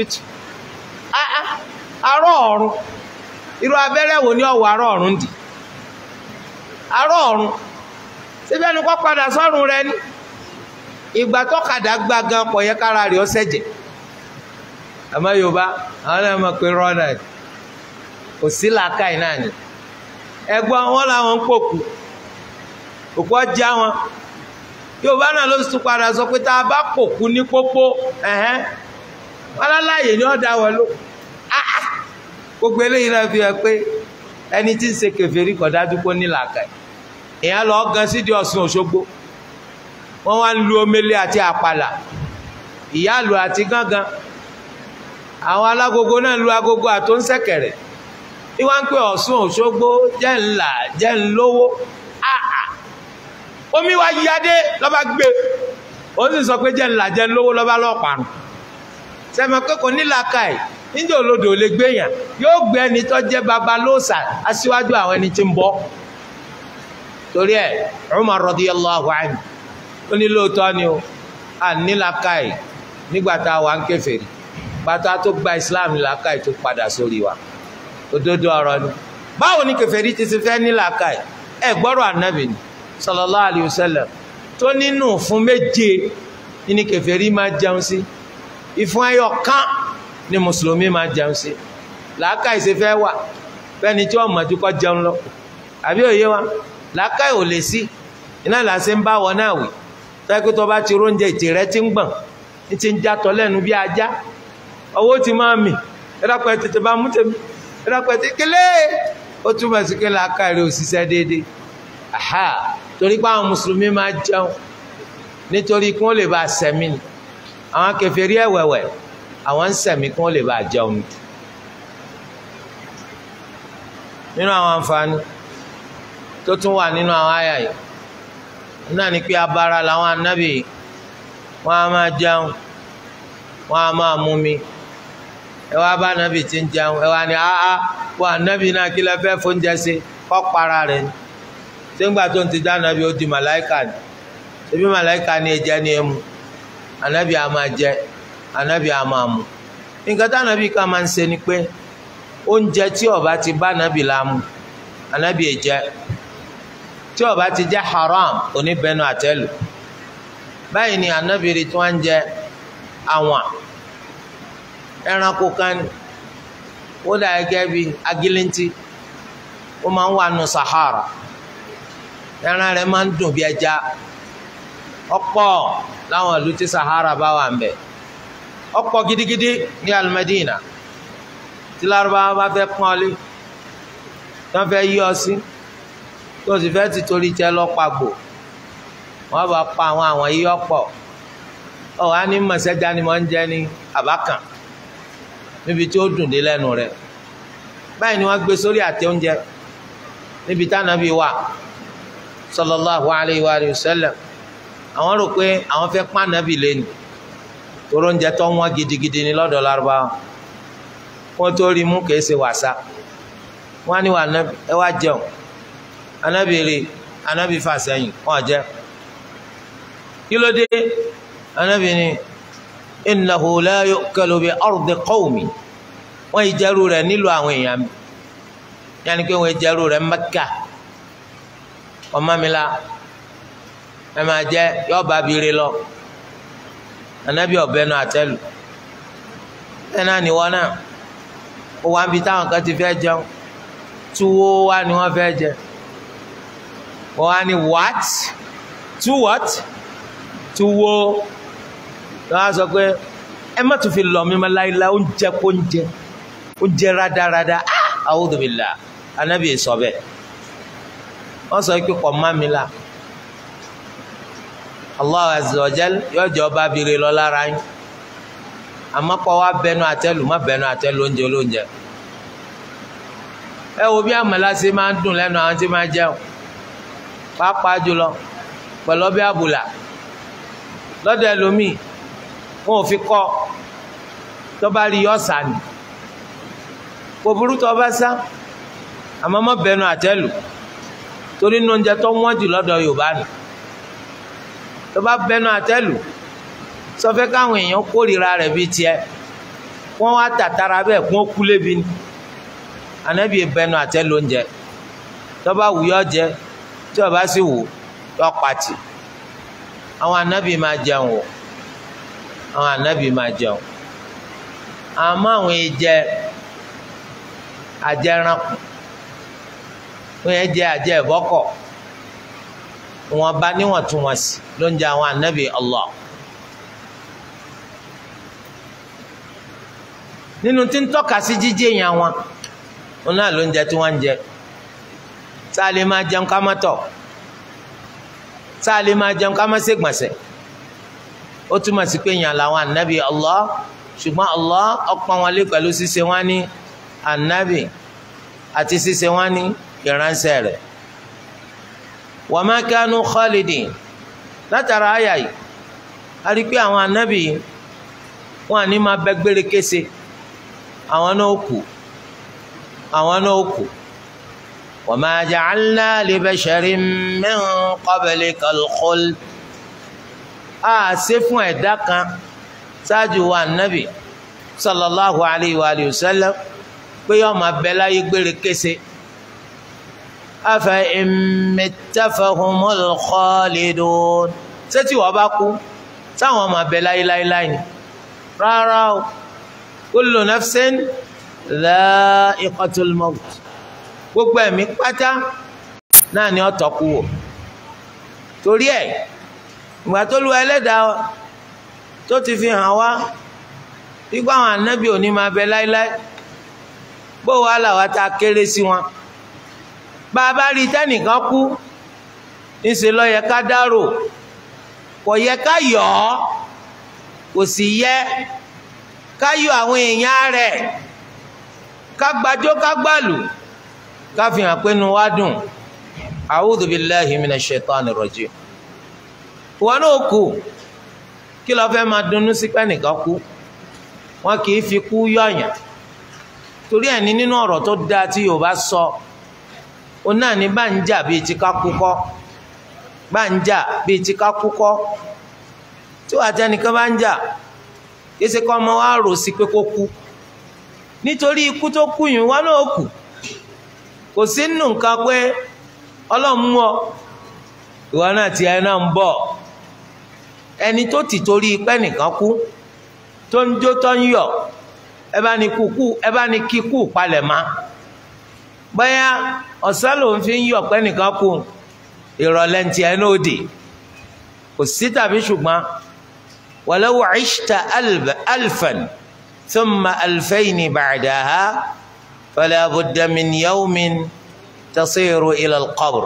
ọ̀wọ̀ àárọ̀ ọ̀run dì í arọ́ ọ̀run síbẹ̀ ẹnu kọ́ padà sọ́run rẹ ni ìgbà tọ́kadà gba gan pọ̀ yẹ kára rẹ̀ ó ṣẹ̀jẹ̀ àmọ́ yorùbá àwọn náà mọ̀ pé rọ́nà kò sí làákàyè náà ni ẹ̀gbọ́n wọn làwọn ń pòkù òkú ọjà wọn yorùbá náà ló tún padà sọ pé tá a bá pòkú ní pópó ẹ̀hẹ́n wọn ni ọ̀dà wọn ló gbogbo eléyìí náà fi hàn pé ẹni tí ń ṣe kèfèrí kò dájú kó ní làákàyè èèyàn lọ gan sídìí ọ̀sùn òṣogbo wọ́n wá ń lu omele àti àpàlà ìyáàlù àti gángan àwọn alágogo náà lu agogo àtó ń sẹ̀kẹ̀rẹ̀ bí wọ́n ń pè ọ̀sùn òṣogbo jẹ́ ńlá jẹ́ ńlówó àà omi wa yíyadé lọ́ba gbé ó sì sọ pé jẹ́ ńlá jẹ́ ńlówó lọ́ba lọ́ọ̀pàrùn sẹ́mi akẹ́kọ̀ọ́ nílàkàì níjẹ́ olódò lè gbéyàn yóò gbé ẹni tó jẹ́ babalóòsà aṣíwájú àwọn ẹni tí ń bọ̀ torí ẹ̀ Umar radiyallahu anhu ó ní lóòótọ́ ni o à nílàkàì nígbà tá a wà ń kèfèrí bàtà tó gba Islam nílàkàì tó padà sórí wa òdodo ọ̀rọ̀ ni báwo ni kèfèrí ti ti fẹ́ nílàkàì ẹ gbọ́rọ̀ ànábì ni sallallahu alayhi wa sallam tó nínú fún méje ní kèfèrí máa jẹun sí ìfún ẹyọ kan ni mùsùlùmí máa jẹun sí làákàì ṣe fẹ́ wà fẹ́ni tí wọ́n mọ̀ tó kọ́ jẹun lọ àbí òye wa làákàyè ò lè sí iná làásì ń bá wọn náà wì tẹ́kí tó bá ti róúnjẹ ìtì rẹ ti ń gbọ̀n ní ti ń jatọ̀ lẹ́nu bí ajá owó ti máa mì ẹ̀dàpẹ́ tètè bá mú tèmi ẹ̀dàpẹ́ tètè kélé ó túmọ̀ sí kí làákàyè rẹ ò déédéé aha torí pé àwọn mùsùlùmí máa jẹun nítorí kí wọ́n lè bá sẹ̀mí ni àwọn kèfèrí ẹ̀wẹ̀wẹ̀ àwọn ń sẹ̀mí kí wọ́n lè bá jẹun nínú àwọn àǹfààní tó tún wà nínú àwọn àyà yìí náà ni pé abara làwọn anábì wọn a máa jẹun wọn a máa mú mi ẹ wá bá anábì tí ń jẹun ẹ wá ní áá wọn anábì náà kí lè fẹ́ fóúnjẹ sí kọ́ para rẹ̀ ni sẹ́ńgbà tó ń ti dá anábì ó di màláìkà ni ṣebí màláìkà ni ẹ̀jẹ̀ ni ẹ̀ mu anábì a máa jẹ anábì a máa mu nǹkan tá anábì ká máa ń ṣe ni pé oúnjẹ tí ọba ti bá anábì la mu anábì ẹ̀ tí ó bá ti jẹ́ haram oníbẹnu àtẹ́lù báyìí ni anábìrì tí wọ́n ń jẹ àwọn ẹranko kan ó dà gẹ́gẹ́ bí agilinti ó máa ń wà nù sahara ẹran rẹ̀ máa ń dùn bí ẹja ọ̀pọ̀ láwọn ìlú tí sahara bá wà ń bẹ ọ̀pọ̀ gidigidi ní alimadina tí Lárúbáwá bá fẹ́ pọ́nlé tí wọ́n fẹ́ yí ọ sí. Si tó sì fẹ́ ti torí jẹ́ lọ́pàgbò wọ́n bá pa àwọn àwọn yìí ọ̀pọ̀ ọ̀ wá ní mọ̀sẹ́já ni mo ń jẹ́ ní àbákan níbi tí ó dùn dé lẹ́nu rẹ̀ báyìí ni wọ́n gbé sórí àtẹ oúnjẹ níbi tánàbí wà sallallahu alayhi wa sallam àwọn rò pé àwọn fẹ́ pa nàbì lẹ́nu toró oúnjẹ tó wọ́n gidigidi ní lọ́dọ̀ lárúbáwá wọ́n tó rí mú kèé ṣe wàsá wọ́n á ní wà nàbì ẹ wá jẹun anabi rí anabi fà sẹ́yìn wọn jẹ́ kí ló dé anabi ni innahu la yu'kalu bi ardi qawmi wọn ìjẹrù rẹ̀ nílò àwọn èèyàn mi yanni pé wọn ìjẹrù rẹ̀ Mẹ́kà ọmọ mi la ẹ máa jẹ yọba abiri lọ anabi ọbẹ náà àtẹlù ẹ náà náà ó bi táwọn kan ti fẹ́ jẹun tuwo wá ni wọ́n fẹ́ jẹ wọ́n á ní what to what to wo wọ́n á sọ pé ẹ má tún fi lọ mi má láìla oúnjẹ kó oúnjẹ oúnjẹ rádaràda ah! a'udhu billah anábì sọ bẹ́ẹ̀ wọ́n sọ pé kọ̀ má mi la Allah azza wa jal yóò jẹ́ ọba abiri lọ lára yín àmọ́ kọ́ wa bẹnu àtẹ́lù má bẹnu àtẹ́lù oúnjẹ olóúnjẹ ẹ wo bí àmàlà ṣe máa ń dùn lẹ́nu àwọn tí máa jẹun pàápàá jùlọ pẹ̀lú ọbẹ̀ àbùlà lọ́dọ̀ ẹlòmíì wọn ò fi kọ́ tó bá rí ọ̀sà nì kò burú tó bá sá àmọ́ mọ́ bẹnu àtẹ́lù torí inú oúnjẹ tó wọ́n jù lọ́dọ̀ Yorùbá nù tó bá bẹnu àtẹ́lù sọ fẹ́ káwọn èèyàn kórìíra rẹ̀ bíi tiẹ̀ wọ́n wá tàtàrà bẹ́ẹ̀ kún ó lébi ni ànábìyẹ bẹnu àtẹ́lù oúnjẹ tó bá jẹ́ tí ó sì wù yọ pati àwọn anabi máa jẹun o àwọn anabi máa jẹun àmọ́ àwọn ìjẹ ajẹranku wọn yẹn jẹ ajẹ ìbọkọ wọn bá níwọ̀ntúnwọ̀nsì ló ń jẹ àwọn anabi Allah. nínú tí ń tọ́ka sí jíjẹ́ yẹn wọn wọn náà ló ń jẹ tí wọ́n ń jẹ sáà lè máa jẹun ká má tọ̀ sáà lè máa jẹun ká má ṣègbọ̀nsẹ̀ ó túmọ̀ sí pé èèyàn làwọn ànábì Allah ṣùgbọ́n Allah ọ̀pọ̀ wọn lé pẹ̀lú ṣíṣe wọn ní ànábì àti ṣíṣe wọn ní ìránṣẹ́ rẹ̀ wa ma kanu khalidin látara àyà yìí a rí i pé àwọn ànábì wọn àní máa bẹ gbére kése àwọn náà kù àwọn náà kù. وما جعلنا لبشر من قبلك الخلد a ṣe fún ẹ̀dá kan ṣáájú wa nabi sallallahu alayhi wa alayhi wa sallam pé yóò máa bẹ láyé gbére kése afa imitafahumul khalidun ṣé tí wọ́n bá kú táwọn máa bẹ láyé láyé láyé ni rárá o kullu nafsin dha'iqatul maut. gbogbo ẹ̀mí pátá náà ni ọ̀tọ̀ kú wò torí ẹ̀ ìgbà tó lu ẹlẹ́dàá tó ti fi hàn wá ikú àwọn anábì òní máa bẹ láéláé bó wàá làwọn ta kéré sí wọn bá a bá rí tẹ́nìkan kú ńṣe ló yẹ ká dárò kò yẹ ká yọ̀ ọ́ kò sì yẹ ká yọ àwọn èèyàn rẹ̀ ká gbàjó ká gbàlù. káfíhàn a wá dùn a'udhu billahi minash shaitanir rajim wọn náà kù kí lọ́ọ́ fẹ́ máa dunnú sí kú wọn kì í fi torí ẹ̀ ní nínú ọ̀rọ̀ tó dáa tí Yorùbá sọ òun náà ní bá ń jà bíi ti ká kú kọ́ bá ń jà bíi ti ká kú kọ́ tí wàá tẹnìkan bá ń jà kí ṣe kọ́ ọmọ wa rò kò sí nù nǹkan pé ọlọ́run mú ọ ìwọ náà ti ẹ náà ń bọ̀ ẹni tó ti torí pé nìkan kú tó ń jó tó ń yọ̀ ẹ bá ní kúkú ẹ bá ní kíkú palẹ̀ mọ́ bóyá ọ̀sán lòun fi ń yọ̀ pé nìkan kú ìrọ̀lẹ́ ń tiẹ̀ náà dì kò sí tàbí ṣùgbọ́n walaw ishta alfan fala budda min yawmin tasiru ila al-qabr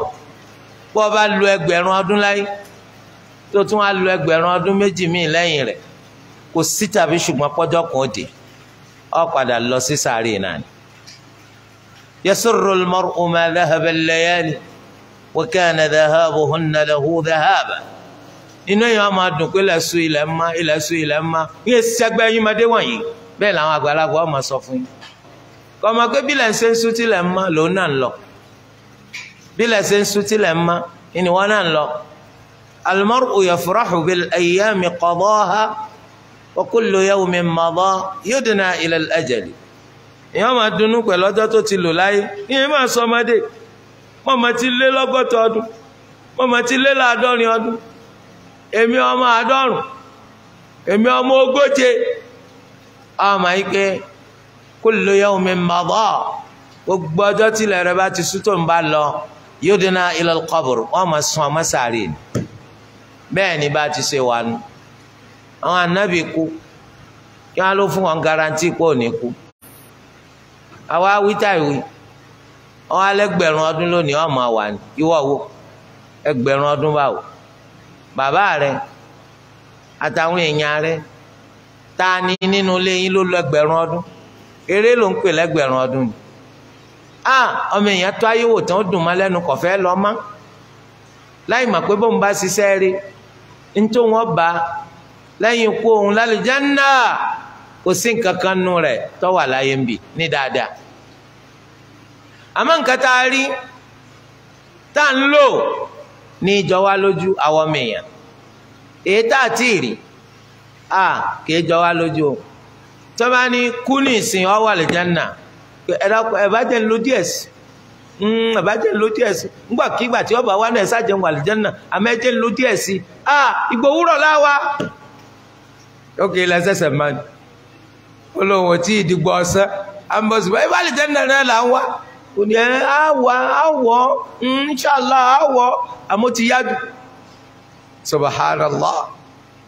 bó o bá lu ẹgbẹ̀rún ọdún láyé tó tún á lu ẹgbẹ̀rún ọdún méjì míì lẹ́yìn rẹ̀ kò sí tàbí ṣùgbọ́n pọ́jọ́ kan ó dé ọ padà lọ sí sàárè náà ni. yasurru al-mar'u ma dhahaba al-layali wa kana dhahabuhunna lahu dhahaba inú èèyàn máa dùn pé ilẹ̀ su ń ma ilẹ̀ su ń ma yíyẹ sẹ́gbẹ́ yín máa dé wọ̀nyí bẹ́ẹ̀ làwọn àgbàlagbà ọ̀ máa sọ fún yín kọ́mọ pé bílẹ̀ ń ṣe ń sún tilẹ̀ ń mọ́ lòun náà ń lọ bílẹ̀ ṣe ń sún tilẹ̀ ń mọ́ ìníwọ́ náà ń lọ. المرء يفرح بالأيام قضاها وكل يوم مضى يدنى إلى الأجل ìyá máa dunnú pẹ̀lú ọjọ́ tó ti lò láyé ìyẹn máa sọ ọmọdé mọ́mọ́ ti lé lọ́gọ́ta ọdún mọ́mọ́ ti lé láàdọ́rin ọdún èmi ọmọ àádọ́rùn èmi ọmọ ogóje àmọ́ ike kullu yawmin madha gbogbo ọjọ́ tí ilẹ̀ rẹ bá ti sún tó ń bá lọ yudna ila al-qabr wọ́n máa sun ọmọ sàárè ni bẹ́ẹ̀ ni bá ti ṣe wà nù àwọn anábì kú kí wọ́n ló fún wọn garanti pé òní kú àwa wíta ìwé wọn alẹ́gbẹ̀rún ọdún lónìí wọ́n máa wà ní ìwọ wo ẹgbẹ̀rún ọdún báwo bàbá rẹ àtàwọn èèyàn rẹ ta ni nínú ilé yín ló lọ ẹgbẹ̀rún ọdún. eré ló ń pè lẹ́gbẹ̀rún ọdún a ọmọ èèyàn tó ayé wò tán ó dùn má lẹ́nu kọ̀ fẹ́ lọ mọ́ láì mà pé bóun bá ṣiṣẹ́ rí ntó wọn bá lẹ́yìn ikú òun lálùjánnà kò sí nǹkan kan nù rẹ̀ tó wà láyé ń bì ní dáadáa àmọ́ nǹkan tá a a ti rí kì í tọ́ba ní kú ní ìsìn ọwọ́ àlìjánà ẹ̀bájẹ́ ló díẹ̀ sí hmm, ẹ̀bájẹ́ ló díẹ̀ sí tí ọba wa náà ṣàjẹun àlìjánà àmẹ́jẹ́ ló díẹ̀ sí à ìgbòwúrọ̀ láwa. ìdìgbò àlìjánà náà là ń wá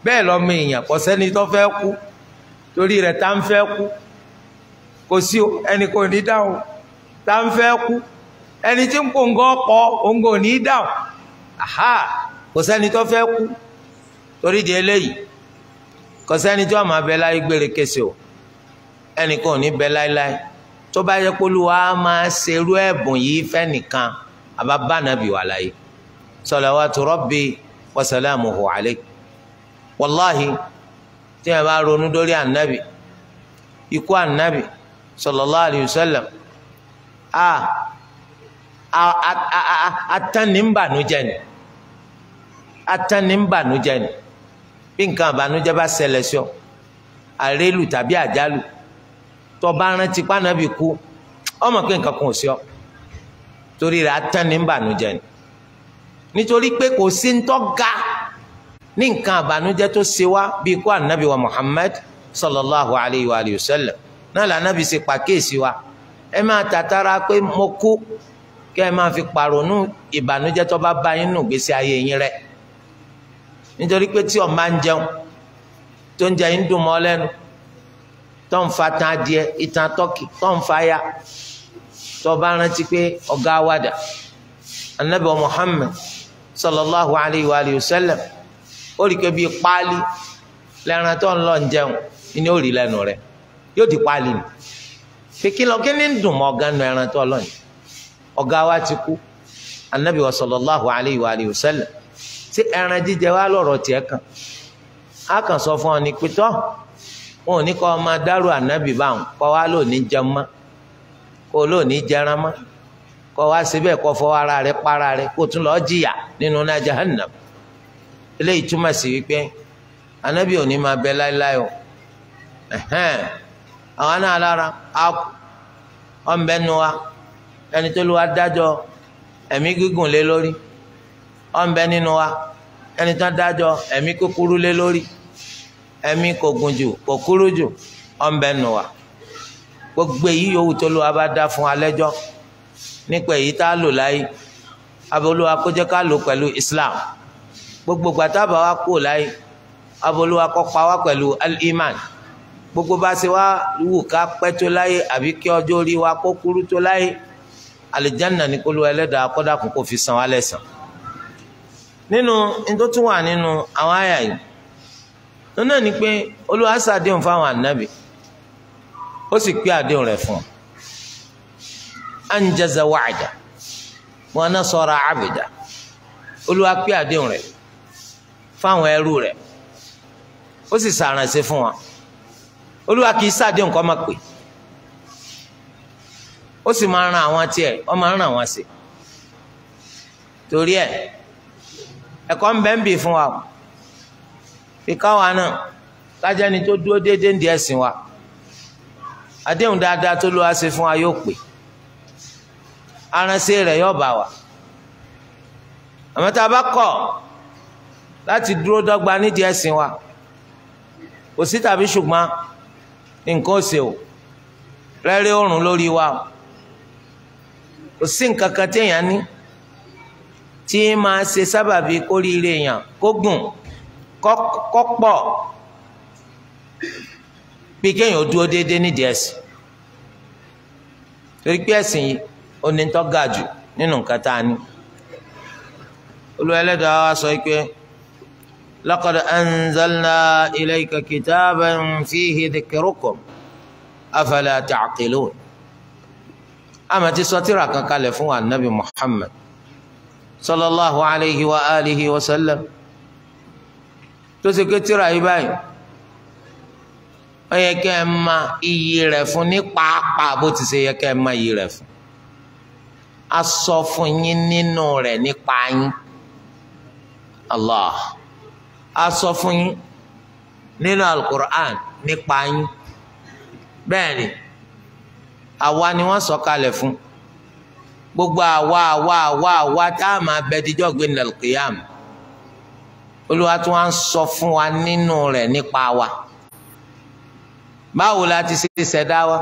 òní torí rẹ̀ ta ń fẹ́ kú kò sí ẹni kò ní dáhùn ta ń fẹ́ kú ẹni tí ń kó nǹkan ọkọ̀ òǹgò ní dáhùn aha kò sẹ́ni tó fẹ́ kú torí di eléyìí kò sẹ́ni tó máa bẹ láyé gbére bẹ láéláé tó bá tí ẹ bá ronú dórí ànábì ikú ànábì sallallahu A a sallam a atánimbanújẹ́ ni atánimbanújẹ́ ni bí nǹkan àbànújẹ́ bá ṣẹlẹ̀ sí ọ àrélù tàbí àjálù tó bá pànábì kú ọmọ pé nǹkan kan ò sí ọ torí rẹ atánimbanújẹ́ ni nítorí pé kò sí ń tọ́ ga. ní nǹkan àbànújẹ́ tó ṣe wá bíi kó ànábì wa Muhammad sallallahu alayhi wa alihi wa sallam náà lànàbì ṣe pàkíyèsí wa ẹ máa tàtàrà pé mo kú kí ẹ máa fi pàrònú ìbànújẹ́ tó bá bá yín nù gbèsè ayé yín rẹ nítorí pé tí ọmọ ń jẹun tó ń jẹ yín dùn mọ́ lẹ́nu tó ń fa tan adìẹ ìtàn tọ́kì tó ń fa ya tó bá rántí pé ọ̀gá wàdà anabi Muhammad sallallahu alayhi wa alihi wa sallam ó rí pé bíi páálí lẹ́ran tó ń lọ ń jẹun ni ó rí lẹ́nu rẹ̀ yóò di páálí ni fìkì lọ kí ni ń dùn mọ́ ọ̀gá nu ẹran tó lọ́yìn ọ̀gá wa ti kú anabi wa sallallahu alayhi wa alayhi wa sallam tí ẹran jíjẹ wa lọ́rọ̀ tiẹ̀ kan a kàn sọ fún ọ ní pitọ́ wọn ò ní kọ́ ọmọ dárò anabi báwọn kọ́ wa lò ní jẹun mọ́ kó lò ní jẹran mọ́ kọ́ wa síbẹ̀ kọ́ fọ́ ara rẹ̀ para rẹ̀ kó tún lọ́ọ́ jìyà nínú náà eléyìí túmọ̀ sí wípé anabi ò ní máa bẹ láéláé o àwọn náà lára akú ọ̀nbẹ́nu wa ẹni tó lu adájọ́ ẹ̀mí gígùn lé lórí ọ̀nbẹ nínú wa ẹni tó dájọ́ ẹ̀mí kúkúrú lé lórí ẹ̀mí kò gùn jù kò kúrú jù wa gbogbo èyí yòówù tó lu fún alẹ́jọ́ nípa èyí tá a lò láyé abolúwa kó jẹ́ Islam. gbogbo gbàtà bá wa kú láyé abolúwa kó pa wá pẹ̀lú al-iman gbogbo bá ṣe wá wù ká pẹ́ tó láyé àbí kí ọjọ́ orí wa kó kúrú tó láyé alìjánà ní kólú ẹlẹ́dàá kọ́dàkùn kò fi san wá lẹ́sàn. nínú ntótó wà nínú àwọn àyà yìí tó náà pé olúwa ṣàdéhùn fáwọn ànábì ó sì pé àdéhùn rẹ̀ fún un anjaza wa'da wa nasara abda olúwa pé àdéhùn rẹ̀ fáwọn ẹrú rẹ ó sì sàrànṣe fún wọn olúwa kì í sáàdé nǹkan máa pè ó sì máa ran àwọn tiẹ̀ ó máa ran àwọn sí torí ẹ̀ ẹ̀kọ́ ń bẹ ń bì fún wa fi káwa náà lájẹni tó dúró déédéé ń di ẹ̀sìn wa àdéhùn dáadáa tó lọ́wọ́ ṣe fún wa yóò pè aránṣẹ́ rẹ̀ yóò bá wa àmọ́ tá a bá láti dúró dọ́gba nídìí ẹ̀sìn wa kò sí tàbí ṣùgbọ́n nǹkan ò ṣe o rẹ́rẹ́ òrùn lórí wa o kò sí nǹkan kan téèyàn ní tí máa ṣe sábàbí kóríire èèyàn kó gùn kó pọ̀ bí kéèyàn dúró déédéé nídìí ẹ̀sìn torí pé ẹ̀sìn yìí ó ní jù nínú nǹkan tá a ní olùwẹ́lẹ́dàá wa sọ pé. لقد أنزلنا إليك كتابا فيه ذكركم أفلا تعقلون أما تسوتيرا كان قال النبي محمد صلى الله عليه وآله وسلم تسكتيرا يباي أي كما يرفني قاقا بوتسي كما يرفن أصفني نورني قاين الله a sọ fún yín nínú alukur'an nípa yín bẹ́ẹ̀ ni àwa ni wọ́n sọ kalẹ̀ fún gbogbo àwa àwa àwa àwa tá a máa bẹ díjọ́ gbé nàlùkìyàm olúwa tí wọ́n sọ fún wa nínú rẹ̀ nípa wa báwo la ti ṣe ṣẹ̀dá wa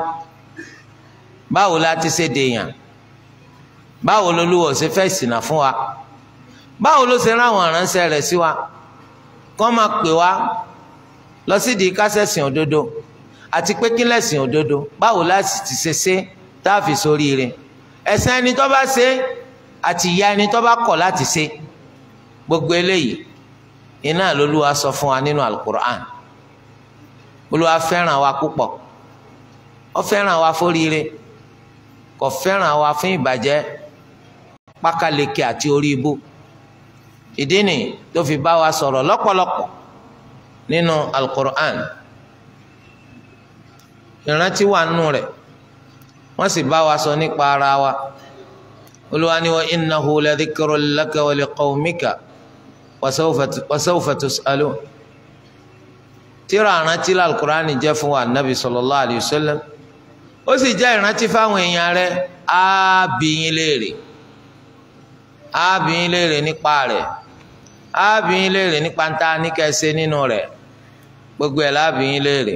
báwo la ti ṣe dèèyàn báwo lolúwa ò ṣe fẹ́ ìsìnà fún wa báwo ló ṣe ráwọn ìránṣẹ́ rẹ̀ sí wa. Si kọ́ máa pè wá lọ sí di kásẹ̀sìn òdodo àti pé kí lẹ̀sìn òdodo báwo láti ti ṣe ṣe tá a fi ṣoríire ẹ̀sìn ẹni tó bá ṣe àti ìyà ẹni tó bá kọ̀ láti ṣe gbogbo eléyìí iná lolúwa sọ fún wa nínú alukur'an olúwa fẹ́ràn wa púpọ̀ ó fẹ́ràn wa fóríire kò fẹ́ràn wa fún ìbàjẹ́ pákáleke àti orí ibú ìdí ni tó fi bá wa sọ̀rọ̀ lọ́pọ̀lọpọ̀ nínú alukur'an ìrántí wà nù rẹ̀ wọ́n sì bá wa sọ nípa ara wa Olúwa ní wa innahu ladhikrun laka wa liqawmika wa sawfa tus'alun tíra ìrántí alukur'an jẹ́ fún wa nabi sallallahu alayhi ó sì jẹ́ ìrántí fáwọn èèyàn rẹ̀ á bi léèrè á bi léèrè nípa rẹ̀. ábìyín léèrè nípa ń ní kẹsẹ nínú rẹ̀ gbogbo ẹ̀ lábìyín léèrè.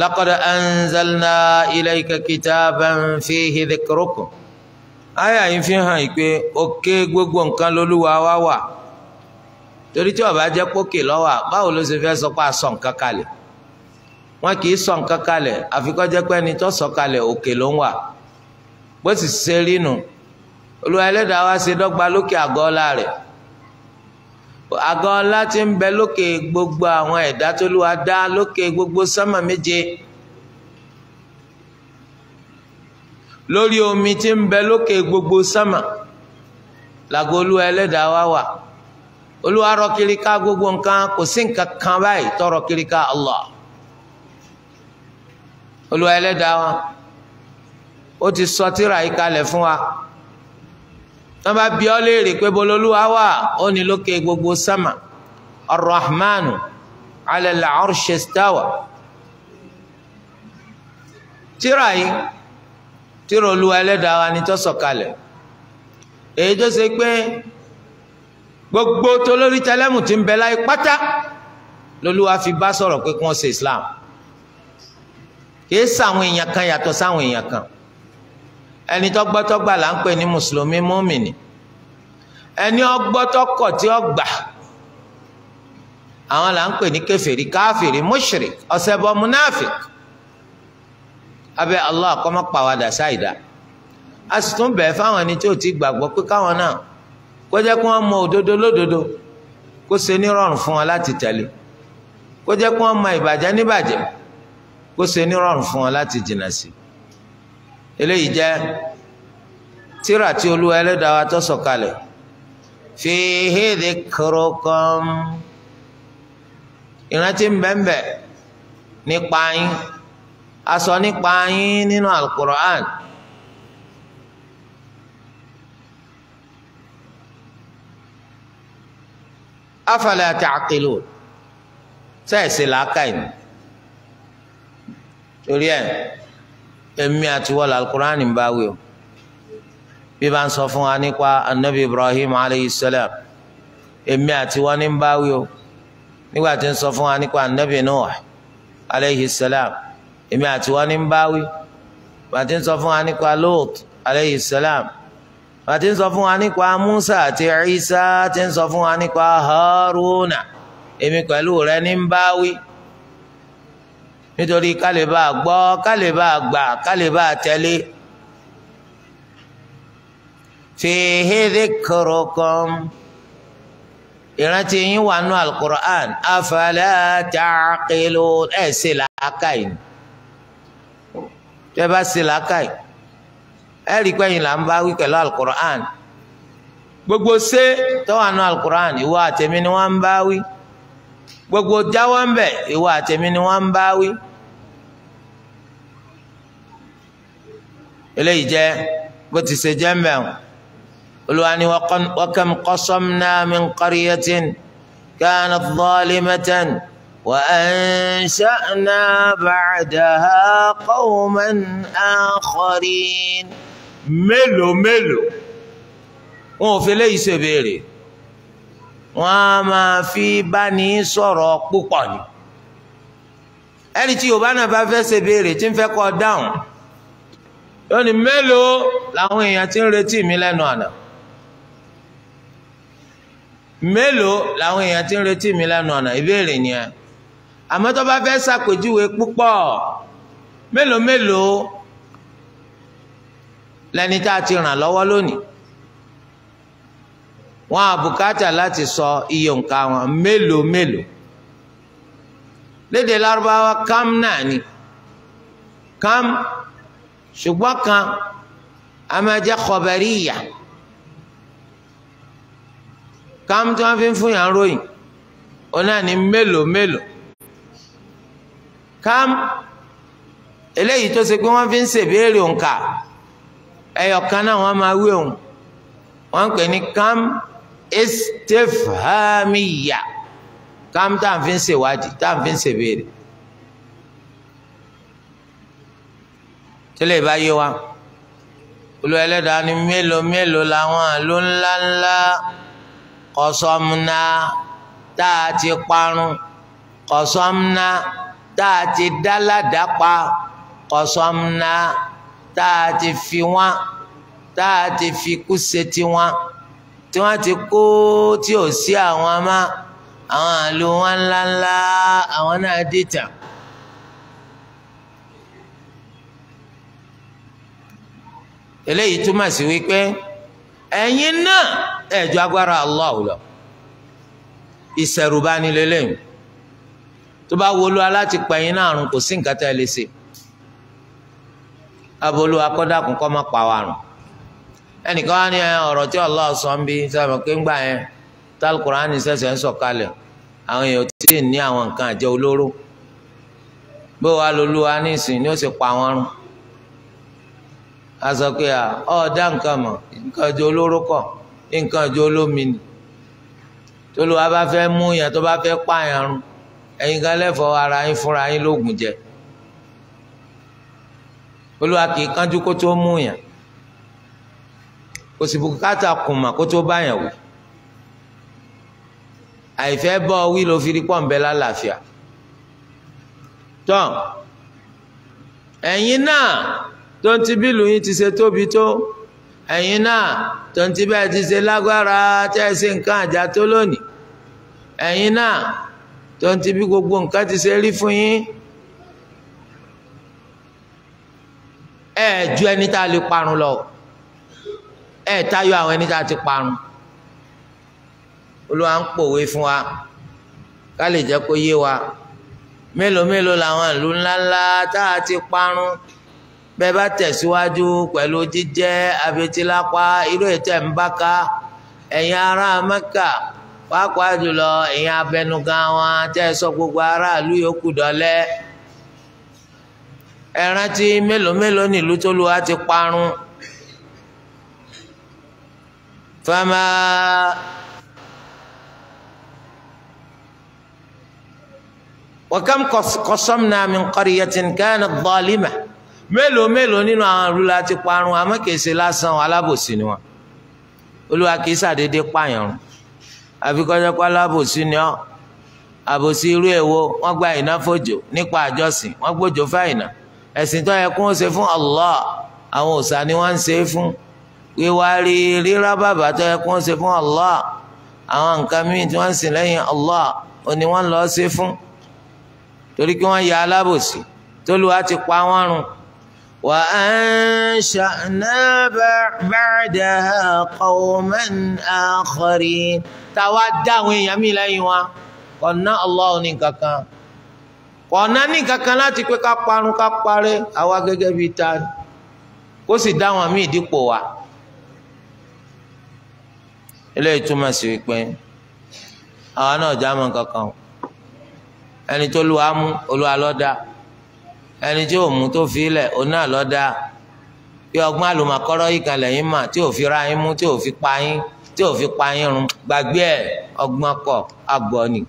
laqad anzalna ilayka kitaban fihi dhikrukum. àyà yìí fi hàn yìí pé òkè gbogbo nǹkan lolúwa wá wà torí tí ó jẹ́ pókè lọ́wọ́ báwo ló ṣe fẹ́ sọ pé a sọ nǹkan kalẹ̀ wọn kì í sọ nǹkan kalẹ̀ jẹ́ tó sọ kalẹ̀ òkè ló wà bó sì ṣe rí nu wa ṣe dọ́gba lókè àgọ́ ọlá àga ọlá tí ń bẹ lókè gbogbo àwọn ẹ̀dá t'Olúwa dá lókè gbogbo sánmà méje lórí omi tí ń bẹ lókè gbogbo sánmà làgọ Olúwa ẹlẹ́dàá wa wà Olúwa rọ kiri gbogbo nǹkan kò sí nǹkan kan báyìí tọrọ kiri ká Allah Olúwa ẹlẹ́dàá wa ó ti sọ tírà yìí kalẹ̀ fún wa wọn bá bi ọ́ léèrè pé bololúwa wà ó ní lókè gbogbo sámà arrahmanu ala al-arshi istawa tíra yìí tíra olúwa ẹlẹ́dàá wa ni tó sọ̀kalẹ̀ èyí tó ṣe pé gbogbo tó lórí tẹlẹ́mù ti ń bẹ láyé pátá lolúwa fi bá sọ̀rọ̀ pé kí wọ́n ṣe islam kì í sàwọn èèyàn kan yàtọ̀ sáwọn èèyàn kan ẹni tọgbọtọgba là ń pè ní mùsùlùmí mùmìnì ẹni ọgbọtọkọ tí ó gbà àwọn là ń pè ní kèfèrí káfìrí mushrik ọsẹbọ munafik abẹ Allah kó má pàwádà ṣáìdá a sì tún bẹ̀ẹ́ fáwọn ẹni tí ò ti gbàgbọ́ pé káwọn náà kó jẹ́ kí wọ́n mọ òdodo lódodo kó ṣe nírọ̀rùn fún wọn láti tẹ̀lé kó jẹ́ kí wọ́n mọ ìbàjẹ́ níbàjẹ́ kó ṣe nírọ̀rùn fún wọn láti jìnnà sí i eléyìí jẹ́ tírà tí Olúwa Ẹlẹ́dàá wa tó sọ̀kalẹ̀ fihi dhikrukum ìrántí mbẹ́mbẹ́ nípa yín a sọ nípa yín nínú alukur'an. afala ta'qilun sẹ́ẹ̀sì làákàyè torí ẹ̀ èmi àti wọ́n làlùkùránì ń bá wí o bí bá ń sọ fún wa nípa anabi ibrahim alayhi salam èmi àti wọ́n ní ń bá wí o nígbà tí ń sọ fún wa nípa anabi nuh alayhi salam àti wọ́n ń bá wí bá ti ń sọ fún wa nípa lot alayhi bá ti ń sọ fún wa nípa musa àti isa ti ń sọ fún wa nípa haruna èmi pẹ̀lú rẹ ní ń bá wí nítorí kálíbà gbọ́ kálíbà gbà kálíbà tẹ̀lé. fihi dhikrukum ìrántí yín wà nù alukur'an afala ta'qilun ẹ ṣe làákàyè tẹ bá ṣe làákàyè ẹ rí pẹ́yìn là ń bá wí pẹ̀lú alukur'an gbogbo ṣe tó wà nù alukur'an ìwọ àtẹ̀mí ni wọ́n ń bá wí gbogbo jáwọ́ ń bẹ̀ ìwọ àtẹ̀mí ni wọ́n ń bá wí. eléyìí jẹ́ bó ti ṣe jẹ́ mbẹ́wọ̀n olùwà ni wakam qasamna min qaryatin kanat zalimatan wa ansha'na ba'daha qawman akharin mélòó mélòó wọn ò fi eléyìí ṣe béèrè wọn a máa fi báni sọ̀rọ̀ púpọ̀ ni ẹni tí yorùbá náà bá fẹ́ ṣe béèrè tí ń fẹ́ kọ́ dáhùn lónìí mélòó làwọn èèyàn ti ń retí mi lẹ́nu àná mélòó làwọn èèyàn ti ń retí mi lẹ́nu àná ìbéèrè nìyẹn àmọ́ tó bá fẹ́ ṣàpèjúwe púpọ̀ mélòó mélòó lẹni tá a ti ràn lọ́wọ́ lónìí wọn á bùkátà láti sọ iye nǹkan wọn mélòó mélòó lédè lárúbáwá kam náà ni kam ṣùgbọ́n kan a máa jẹ́ kọ̀bẹ̀ríyà káàmù tí wọ́n fi ń fún yàn ròyìn òun náà ní mélòó mélòó káàmù eléyìí tó ṣe pé wọ́n fi ń ṣèbéèrè òǹkà ẹyọ kan náà wọ́n máa wí òun wọ́n ń pè ní káàmù istifhamiya káàmù tá à ń fi ń ṣèwádìí tá à ń fi ń ṣèbéèrè. tẹ́lẹ̀ bá yé wa olú ẹlẹ́dàá ni mélòó mélòó làwọn àló ńláńlá kọ̀sọ́mùnà tá a ti parun kọ̀sọ́mùnà tá a ti dáládàpa kọ̀sọ́mùnà tá a ti fi wọ́n tá a ti fi kú ṣe tiwọn tí wọ́n ti kó tí ò sí àwọn ọmọ àwọn àló wọn ńláńlá àwọn náà dìtàn. eléyìí túmọ̀ sí wípé ẹ̀yin náà ẹ̀jọ̀ agbára Allah lọ ìṣẹ̀rùbánilélẹ́yìn tó bá wọlú aláti pẹ̀yìn náà àrùn kò sí nǹkan tẹ́ ẹ lè ṣe abolú akọ́dàkùn kọ́ má pa àrùn ẹnìkan wá ní ọ̀rọ̀ tí Allah sọ ń bí sábà pé ń gbà yẹn tálkùránì ṣẹ̀ṣẹ̀ ń sọ̀kalẹ̀ àwọn èèyàn tí ì ní àwọn nǹkan àjẹ olóró bó wàá lolúwa nísìnyí ni ó sì pa wọn rún a sọ pé à ọ dá nǹkan mọ̀ nǹkan ju olóró kọ̀ nǹkan ju olómi ni tolúwa bá fẹ́ mú yẹn tó bá fẹ́ pààyàn run ẹ̀yin gan lẹ́fọ̀ọ́ ara yín fúnra yín lóògùn jẹ olúwa kì í kánjú kó tó mú yẹn kò sì kùmà kó tó báyàn wò àìfẹ́ bọ́ wí ló fi rí pọ́ǹbẹ́ lálàáfíà tán ẹ̀yin náà tó ń ti bí ìlú yín ti ṣe tóbi tó ẹ̀yin náà tó ń ti bẹ́ẹ̀ ti ṣe lágbára tẹ́ ẹ ṣe nǹkan àjà tó lónìí ẹ̀yin náà tó ń ti bí gbogbo nǹkan ti ṣe rí fún yín ẹ ju ẹni tá a lè parun lọ ẹ tayọ àwọn ẹni tá a ti parun olúwa ń pòwe fún wa ká lè jẹ́ kó yé wa mélòó mélòó làwọn ìlú ńláńlá tá a ti parun. bẹ́ẹ̀ bá tẹ̀síwájú pẹ̀lú jíjẹ́ abetílápá irú ètò ẹ̀ ń ará mẹ́kà pàápàá jùlọ ẹ̀yin abẹnugan wọn tẹ́ ẹ sọ gbogbo aráàlú yòókù dọ́lẹ́ ẹ rántí mélòó mélòó nílùú tó lu ti parun fama wa kam qasamna min qaryatin kanat mélòó mélòó nínú àwọn ìrúlá ti parun àmọ́ kìí ṣe lásán alábòsí ni wọn olúwa kìí ṣàdédé pààyàn rùn àfi kọjá pé alábòsí ni ọ àbòsí irú èwo wọn gba àyìnà fòjò nípa àjọsìn wọn gbójò fáyìnà ẹ̀sìn tó yẹ kó ń ṣe fún Allah àwọn òòṣà ni wọn ń ṣe fún wíwá rí rírá bàbà tó yẹ kó ń ṣe fún Allah àwọn nǹkan míì tí wọn ń sìn lẹ́yìn Allah òní wọn lọ ṣe fún torí kí wọn ya alábòsí tólúwa ti pa wọn rùn. وأنشأنا بعدها قوما آخرين táwa dá àwọn èèyàn mi lẹ́yìn wa kọ̀nà Allah ní kankan kọ̀nà ní kankan láti pé ká parun ká parẹ́ àwa gẹ́gẹ́ bíi ta kó sì dá àwọn míì dípò wa. eléyìí túmọ̀ sí wípé àwa náà já mọ́ kankan ẹni tó lu àmú olúwa lọ́dà ẹni tí ò mú tó fi lẹ̀ òun náà lọ́ da bí ọgbọ́n àlùmọ̀kọ́rọ́ yìí kan lẹ́yìn mà tí ò fi ra yín mú tí ò fi pa yín tí ò fi pa yín run gbàgbé ẹ̀ ọgbọ́n kọ̀ àgbọ̀ ni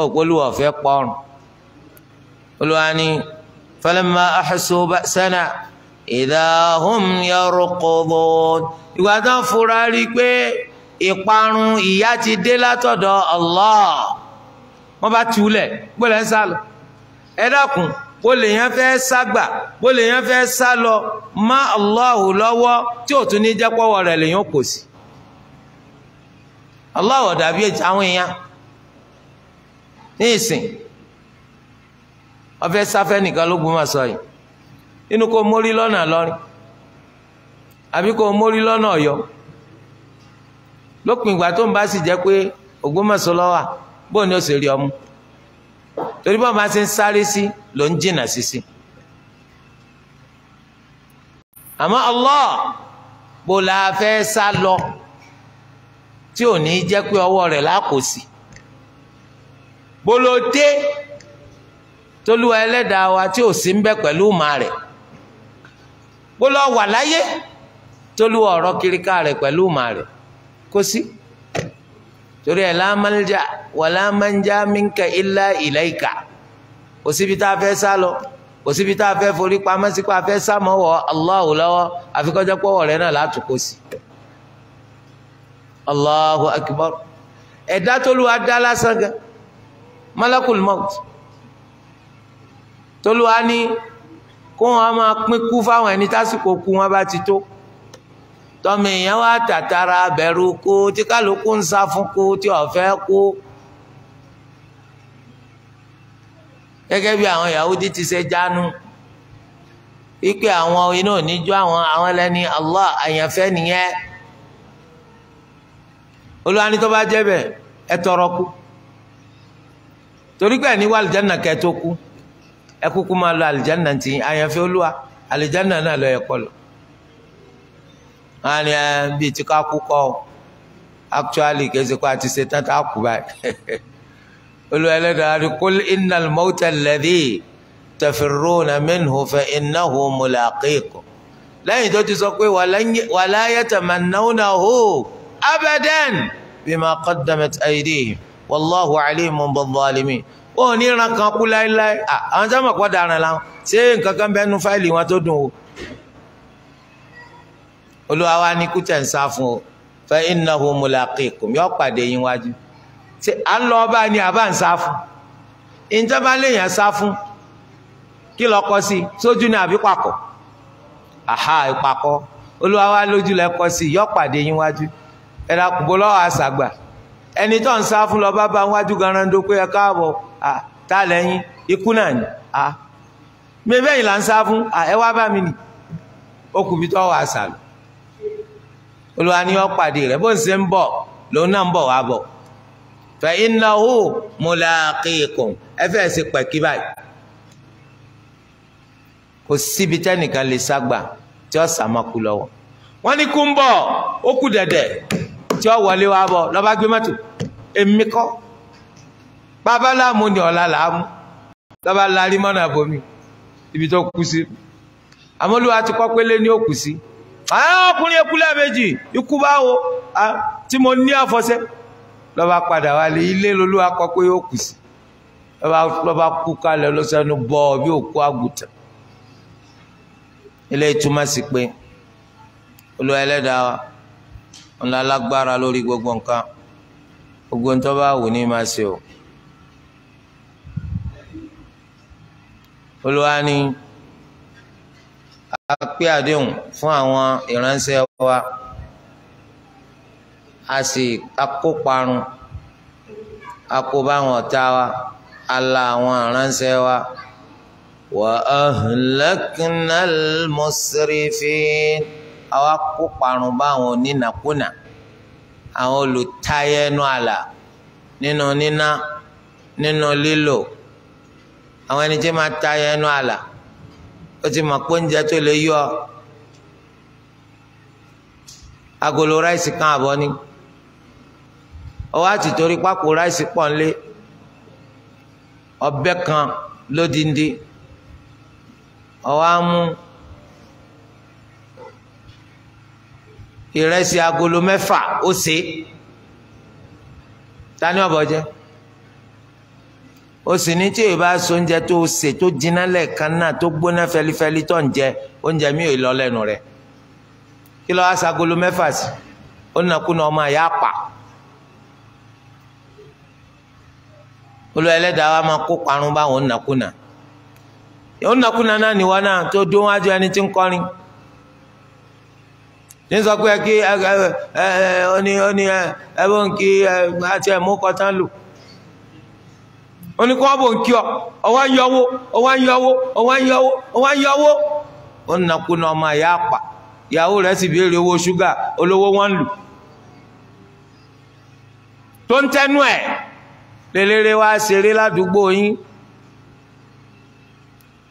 òpolówó ọ̀fẹ́ pọ̀rùn olùwà ni falamma ahassu ba'sana idha hum yarqudun ìgbà tó ń fura rí i pé ìparun ìyà ti dé látọ̀dọ̀ Allah wọ́n bá túlẹ̀ gbọ́dọ̀ ń sálọ ẹ dákun. bó lè yàn fẹ́ ságbà bó lè yàn fẹ́ sá lọ má lọ́wọ́ tí ò tún ní jẹ́ pọ́wọ́ rẹ̀ lèyàn kò sí Allahu dàbí àwọn èèyàn ní ìsìn fẹ́ sáfẹ́ nìkan ló gbọ́n máa sọ yìí inú kò mórí lọ́nà lọ́rin àbí kò mórí lọ́nà ọ̀yọ́ lópin ìgbà tó ń bá sì jẹ́ pé bóun torí bọ́ọ̀ máa ṣe ń sáré sí ló ń sí sí. àmọ́ bó la fẹ́ sá lọ tí ò ní jẹ́ pé ọwọ́ rẹ̀ lákòsí bólódé tolúwa ẹlẹ́dàá wa tí ò sí ń bẹ pẹ̀lú màá rẹ̀ bólọ́ wà láyé tolúwa ọ̀rọ̀ kiriká rẹ̀ pẹ̀lú màá rẹ̀ torí ẹ̀ la malja wa la manja minka illa ilayka kò síbi tá a fẹ́ sá lọ kò síbi tá a fẹ́ forí pamọ́ sí pé a fẹ́ sá mọ́wọ́ Allahu lọ́wọ́ àfikọ́jọ́ pọ́wọ́ rẹ náà látòkó sí Allahu akbar ẹ̀dá tólúwa dá lásán gan malakul maut tólúwa ní kó wọn máa pín kú fáwọn ẹni tásìkò kú wọn bá ti tó tọ́mọ èèyàn wá tàtàrà bẹ̀rù kú tí kálukú ń sá fún kú tí ọ̀fẹ́ kú. gẹ́gẹ́ bí àwọn Yahudi ti ṣe jánu wípé àwọn iná oníjó àwọn àwọn lẹ́ni Allah àyànfẹ́ nìyẹn Olúwa ni tó bá jẹ́ bẹ́ẹ̀ ẹ tọrọ kú torí pé ẹni wá àlìjáná kẹ́ tó kú ẹ kúkú máa lọ àlìjáná ti àyànfẹ́ Olúwa àlìjáná náà lọ yẹ kọ́ wọn ni ẹ bíi tí ká kú kọ́ actually kì í ṣe pé a ti ṣe tán tá a kú báyìí olú ẹlẹ́dàá rí kul innal mawta alladhi tafirruna minhu fa innahu mulaqikum lẹ́yìn tó ti sọ pé wala yatamannawnahu abadan bima qaddamat aydihim wallahu alimun bizzalimin wọn ò ní ìran kan kú láéláé àwọn sábà pọ̀ dára láwọn ṣé nǹkan kan bẹ́ẹ̀ nu fáìlì wọn tó dùn o olúwa wa ní kú tẹ̀ ń sá fún o fa innahu mulaqikum yọ pàdé yín wájú ṣe à ń lọ ọba ni àbá ń sá fún ìjọba léèyàn sá fún kí lọ kọ sí sójú ní àbí pàkọ́ àhà ìpàkọ́ olúwa wa lójú lẹ kọ sí yọ pàdé yín wájú ẹ̀rọ àkùbọ lọ́wọ́ àṣàgbà ẹni tó ń sá fún lọ bá bá wájú garando pé ẹ káàbọ̀ tá lẹ́yìn ikú náà ni mẹ́fẹ́ yìí là ń sá fún ẹ wá bá mi nì okùnbí tó wà sàlù olúwa ni ó pàdé rẹ̀ bó ń ṣe ń bọ̀ lòun náà ń bọ̀ wá bọ̀ fa innahu mulaqikum ẹ fẹ́ ṣe pẹ̀kí báyìí kò síbi tẹ́nìkan lè ságbà tí ó sàmọ́kú lọ́wọ́ ní kú ń bọ̀ ó dẹ̀dẹ̀ tí wọlé wá bọ̀ lọ́ba gbé mọ́tò èmi kọ́ ni ọ̀la làámú lọ́ba larí ibi tó kú sí àmọ́ olúwa ti ni arákùnrin ah, ẹkú lẹ́ẹ̀mejì ikú báwo ah, tí mo ní àfọ̀ṣẹ lọ́ba padà wálé ilé lolúwa kọ pé ó kù sí lọ́ba kú kalẹ̀ lọ́sẹ̀nu bọ́ bí òkú àgùntàn ilé ìtumọ̀ sí pé olúwa ẹlẹ́dàá wa ọ̀nà lórí gbogbo nǹkan gbogbo ń tó bá ní máa ṣe o olúwa ni a pé àdéhùn fún àwọn ìránṣẹ́ wa a sì akóparun akóbá àwọn ọ̀tá wa ala àwọn ìránṣẹ́ wa wa ahlakna al-musrifin àwa kóparun bá àwọn onínàkúnà àwọn olùtayẹnu àlà nínú níná nínú lílò àwọn ẹni tí máa tayẹnu àlà ó ti mọ̀ pé oúnjẹ tó lè yọ agolo ráìsì kan àbọ̀ ni ọwọ́ àti torí pákó ráìsì pọ̀ nlé ọbẹ̀ kan lódindi ọwọ́ á ìrẹsì agolo mẹ́fà ó sè é ta ni ọ̀bọ̀ jẹ́ o sì ní tí èyí bá so oúnjẹ tó sè tó jiná lẹ́ẹ̀kan náà tó gbóná fẹlifẹli tó ń jẹ oúnjẹ mi ò lọ lẹ́nu rẹ̀ kí lọ́ọ́ aṣagolo mẹ́fà sí ó nàkúnà ọmọ àyà pa olú ẹlẹ́dàá wa máa kó parun báwọn nàkúnà ònàkúnà náà níwọ náà tó dún wájú ẹni tí ń kọrin ní sọ pé kí ẹ ẹ ẹ ọ ní ọ ní ẹ ẹ ẹ wọ́n ní kọ́ bò ń kí ọ ọwá ń yọwó ọwá ń yọwó ọwá ń yọwó ọwá ń yọwó ó ń nakúnà ọmọ ìyá àpà ìyàwó rẹ̀ sì béèrè owó ṣúgà olówó wọn lù tó ń tẹnu ẹ̀ lélẹ́rẹ́ wá ṣeré ládùúgbò yín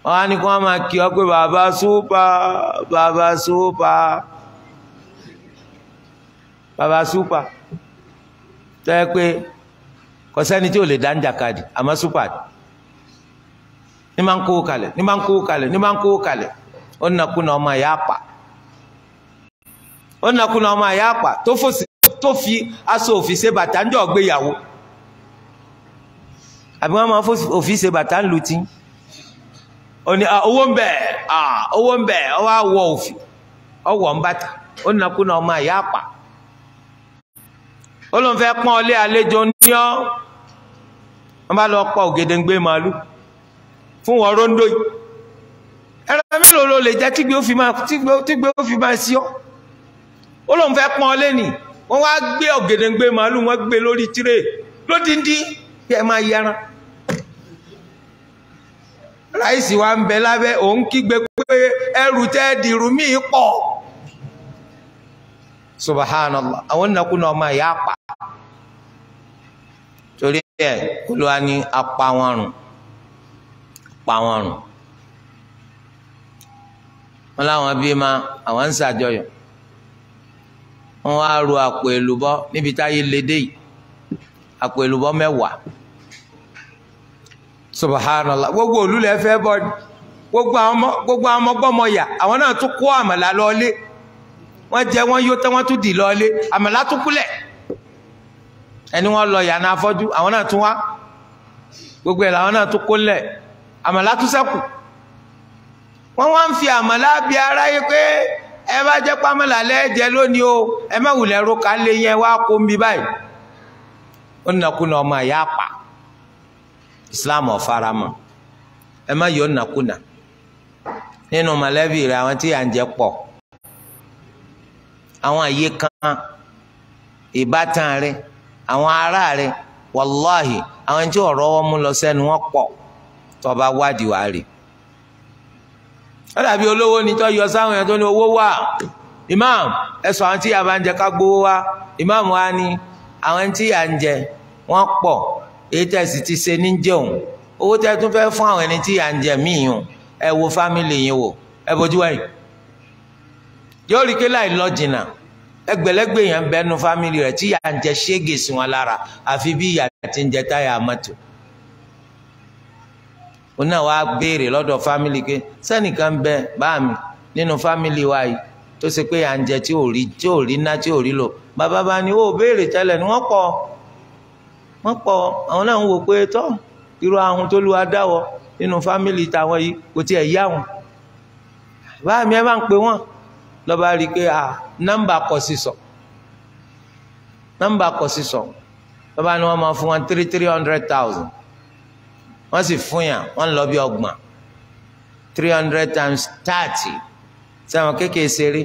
wọ́n á kí wọ́n máa kí ọ pé bàbá súpà bàbá súpà bàbá súpà tẹ́ pé. kò sẹ́ni tí lè dá ń àmọ́ súpàdì ní máa ń kówó kalẹ̀ ní máa ń kówó kalẹ̀ ní máa ń yaa kalẹ̀ ó nàkúnà ọmọ ẹ̀yà àpà ó nàkúnà ọmọ ẹ̀yà àpà tó fi aṣọ òfin ṣe bàtà ń jọ gbéyàwó àbí wọ́n máa òfin ṣe bàtà ń lu tí ó ní owó ń owó ń òfin ń bàtà ó ọmọ ẹ̀yà àpà ó lóun fẹ́ pọ́n ọlé wọ́n bá lọ pa ògèdèǹgbé màálù fún wọn róńdó yìí ẹran mélòó ló lè tígbé fi máa o fi sí ọ ó lóun fẹ́ pọ́n ọ lẹ́nìí wọ́n wá gbé lori tire, wọ́n gbé lórí ẹ máa ráìsì wa ń bẹ lábẹ́ òun kígbe pé ẹrù tẹ́ dìrú míì pọ̀ àwọn nàkúnà ọmọ ìyá bẹ́ẹ̀ olúwa ní apá wọn rùn pa wọn rùn wọn bí ma àwọn ń ṣàjọyọ̀ wọn wá ru àpò èlùbọ́ níbi táyé lédè yìí àpò èlùbọ́ mẹ́wàá subahánàlá gbogbo gbogbo àwọn ọmọgbọ́mọyà àwọn náà tún kó àmàlà wọ́n jẹ tún dì àmàlà tún ẹni wọ́n lọ yàrá afọ́jú àwọn náà tún wá gbogbo ẹ̀ làwọn náà tún kó lẹ̀ àmàlà tún sẹ́kù wọ́n wá ń fi àmàlà bí aráyé pé ẹ bá jẹ́ pàmìlà lẹ́ẹ̀jẹ́ lónìí o ẹ má wùlẹ̀ ro ká lé yẹn wá kó mi báyìí ó nàkúnà ọmọ ìyá àpà Islam ọ̀faramọ̀ ẹ má yọ nàkúnà nínú mọ̀lẹ́bí rẹ̀ àwọn tí à ń jẹ pọ̀ àwọn àyè kan ìbátan rẹ̀ àwọn ará rẹ̀ wàláhì àwọn ẹni tí ọ̀rọ̀ wọn mú lọ sẹ́nu wọn pọ̀ tó bá wádìí wá rè ó dàbí olówó ni tó yọ sáwọn èèyàn tó ní owó wà imam ẹ àwọn tí ń jẹ ká gbowó wá imam wa ni àwọn ẹni tí yà ń jẹ wọn pọ̀ èyí tẹ̀sí ti ṣe ní jẹun owó tẹ tún fẹ́ fún àwọn ẹni tí yà ń jẹ míì yùn wo fámìlì yín wò bójú yóò rí kí láì jìnnà ẹgbẹ̀lẹ́gbẹ̀ èèyàn bẹnu fámìlì rẹ̀ tí yà ń jẹ ṣége sí wọn lára àfi bí ìyà ti ń jẹ táyà mọ́tò òun náà wàá béèrè lọ́dọ̀ fámìlì pé sẹ́nìkan bẹ báà mi nínú fámìlì wa yìí tó ṣe pé à ń jẹ tí ò rí tí ò rí ná tí ò rí lò bàbá bá ní ó béèrè tẹ́lẹ̀ ni wọ́n pọ̀ wọ́n pọ̀ àwọn náà ń wò pé tọ́ irú ahun tó lu adáwọ̀ nínú fámìlì tàwọn yìí kò tiẹ̀ yá wọn báà mi ẹ bá ń pè wọ́n lọ́ba rí i pé a ah, nọ́mbà kọ sí sọ nọ́mbà kọ sí sọ lọ́ba ni wọ́n máa fún wọn three three hundred thousand wọ́n sì fún yàn wọ́n lọ bí ọgbọ̀n three hundred times thirty sẹ́wọ̀n kékeré ṣeré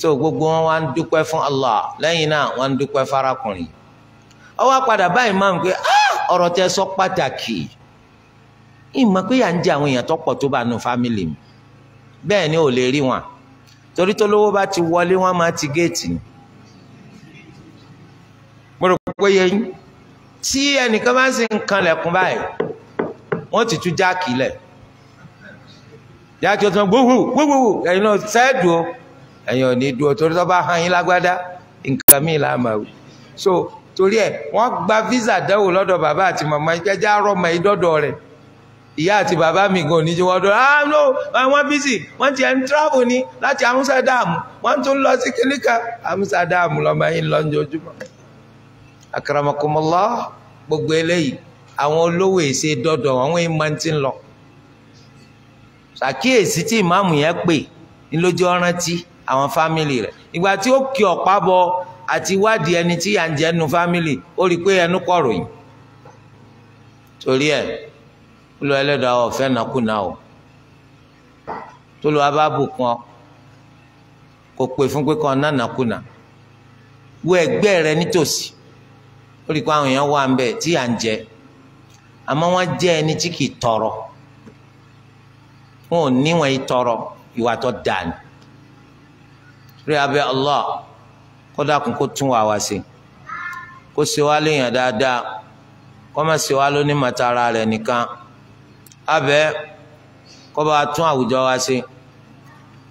tó gbogbo wọn wá ń dúpẹ́ fún Allah lẹ́yìn náà wọ́n ń dúpẹ́ farakùnrin ọwọ́ padà báyìí máa ń pè ah, ọ̀rọ̀ tẹ sọ pàtàkì ìmọ̀ pé yà ń jẹ àwọn èèyàn tó pọ̀ tó bá nu fámìlì mi bẹ́ẹ̀ ni ò lè rí wọn torí tó lówó bá ti wọlé wọn máa ti géètì ni mo rò pé yẹ yín tí ẹnìkan bá ń sin nǹkan lẹ̀kùn báyìí wọ́n ti tú jáàkì lẹ̀ jáàkì ọ̀tún gbúgbù gbúgbù ẹ̀yin náà sẹ́ẹ̀dù o ẹ̀yin ò ní dùn o torí tó bá han yín lágbádá nǹkan míì là máa wù so torí ẹ̀ wọ́n gba visa dánwò lọ́dọ̀ bàbá àti màmá ìjẹ́jà rọ́ọ̀mọ̀ ìdọ́dọ̀ rẹ̀ ìyá àti bàbá mi gan ní jíwọ́n dọ́rọ̀ ah no wọ́n bísí wọ́n ti ẹni tíráàbù ni láti Amsterdam wọ́n tún lọ sí kíníkà Amsterdam lọ́mọ yìí lọ lójoojúmọ́. akaramakomola gbogbo eléyìí àwọn olówó èsè dọ́dọ̀ àwọn èèmọ̀ ti ń lọ. ṣàkíyèsí tí ìmáàmù yẹn pè ní lójú ọrántí àwọn fámìlì rẹ̀ ìgbà tí ó kí ọ̀pá bọ àti wádìí ẹni tí yà ń jẹ́ fámìlì ó rí pé ẹnu kọ̀ròyìn torí ẹ̀ olú eledo a nàkúnà o tólúwa bá bù kan kò pè fún pé kan náà nàkúnà wo ẹgbẹ́ rẹ nítòsí ó rí i pé àwọn èèyàn wà ń bẹ tí à ń jẹ tọrọ wọn ò tọrọ ìwà tó rí Allah kó dákun kó tún wà wá sí kó ṣe wá léèyàn dáadáa kó má ṣe wá lóní màtara abẹ́ kó bá tún àwùjọ wa ṣe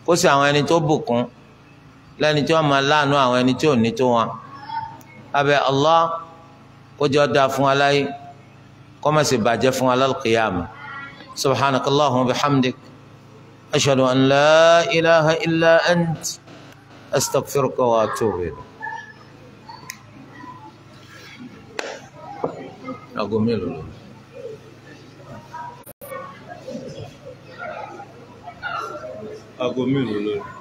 kó sì àwọn ẹni tó bùkún lẹ́ni tí wọ́n máa láàánú àwọn ẹni tí ò ní tó wọn abẹ́ Allah kó jọ dáa fún wa láyé kó má bàjẹ́ fún wa lálùkìyàmù subhanakallahu wa bihamdik ashhadu an la ilaha illa ant astaghfiruka wa atubu ilayk. aago mélòó Aago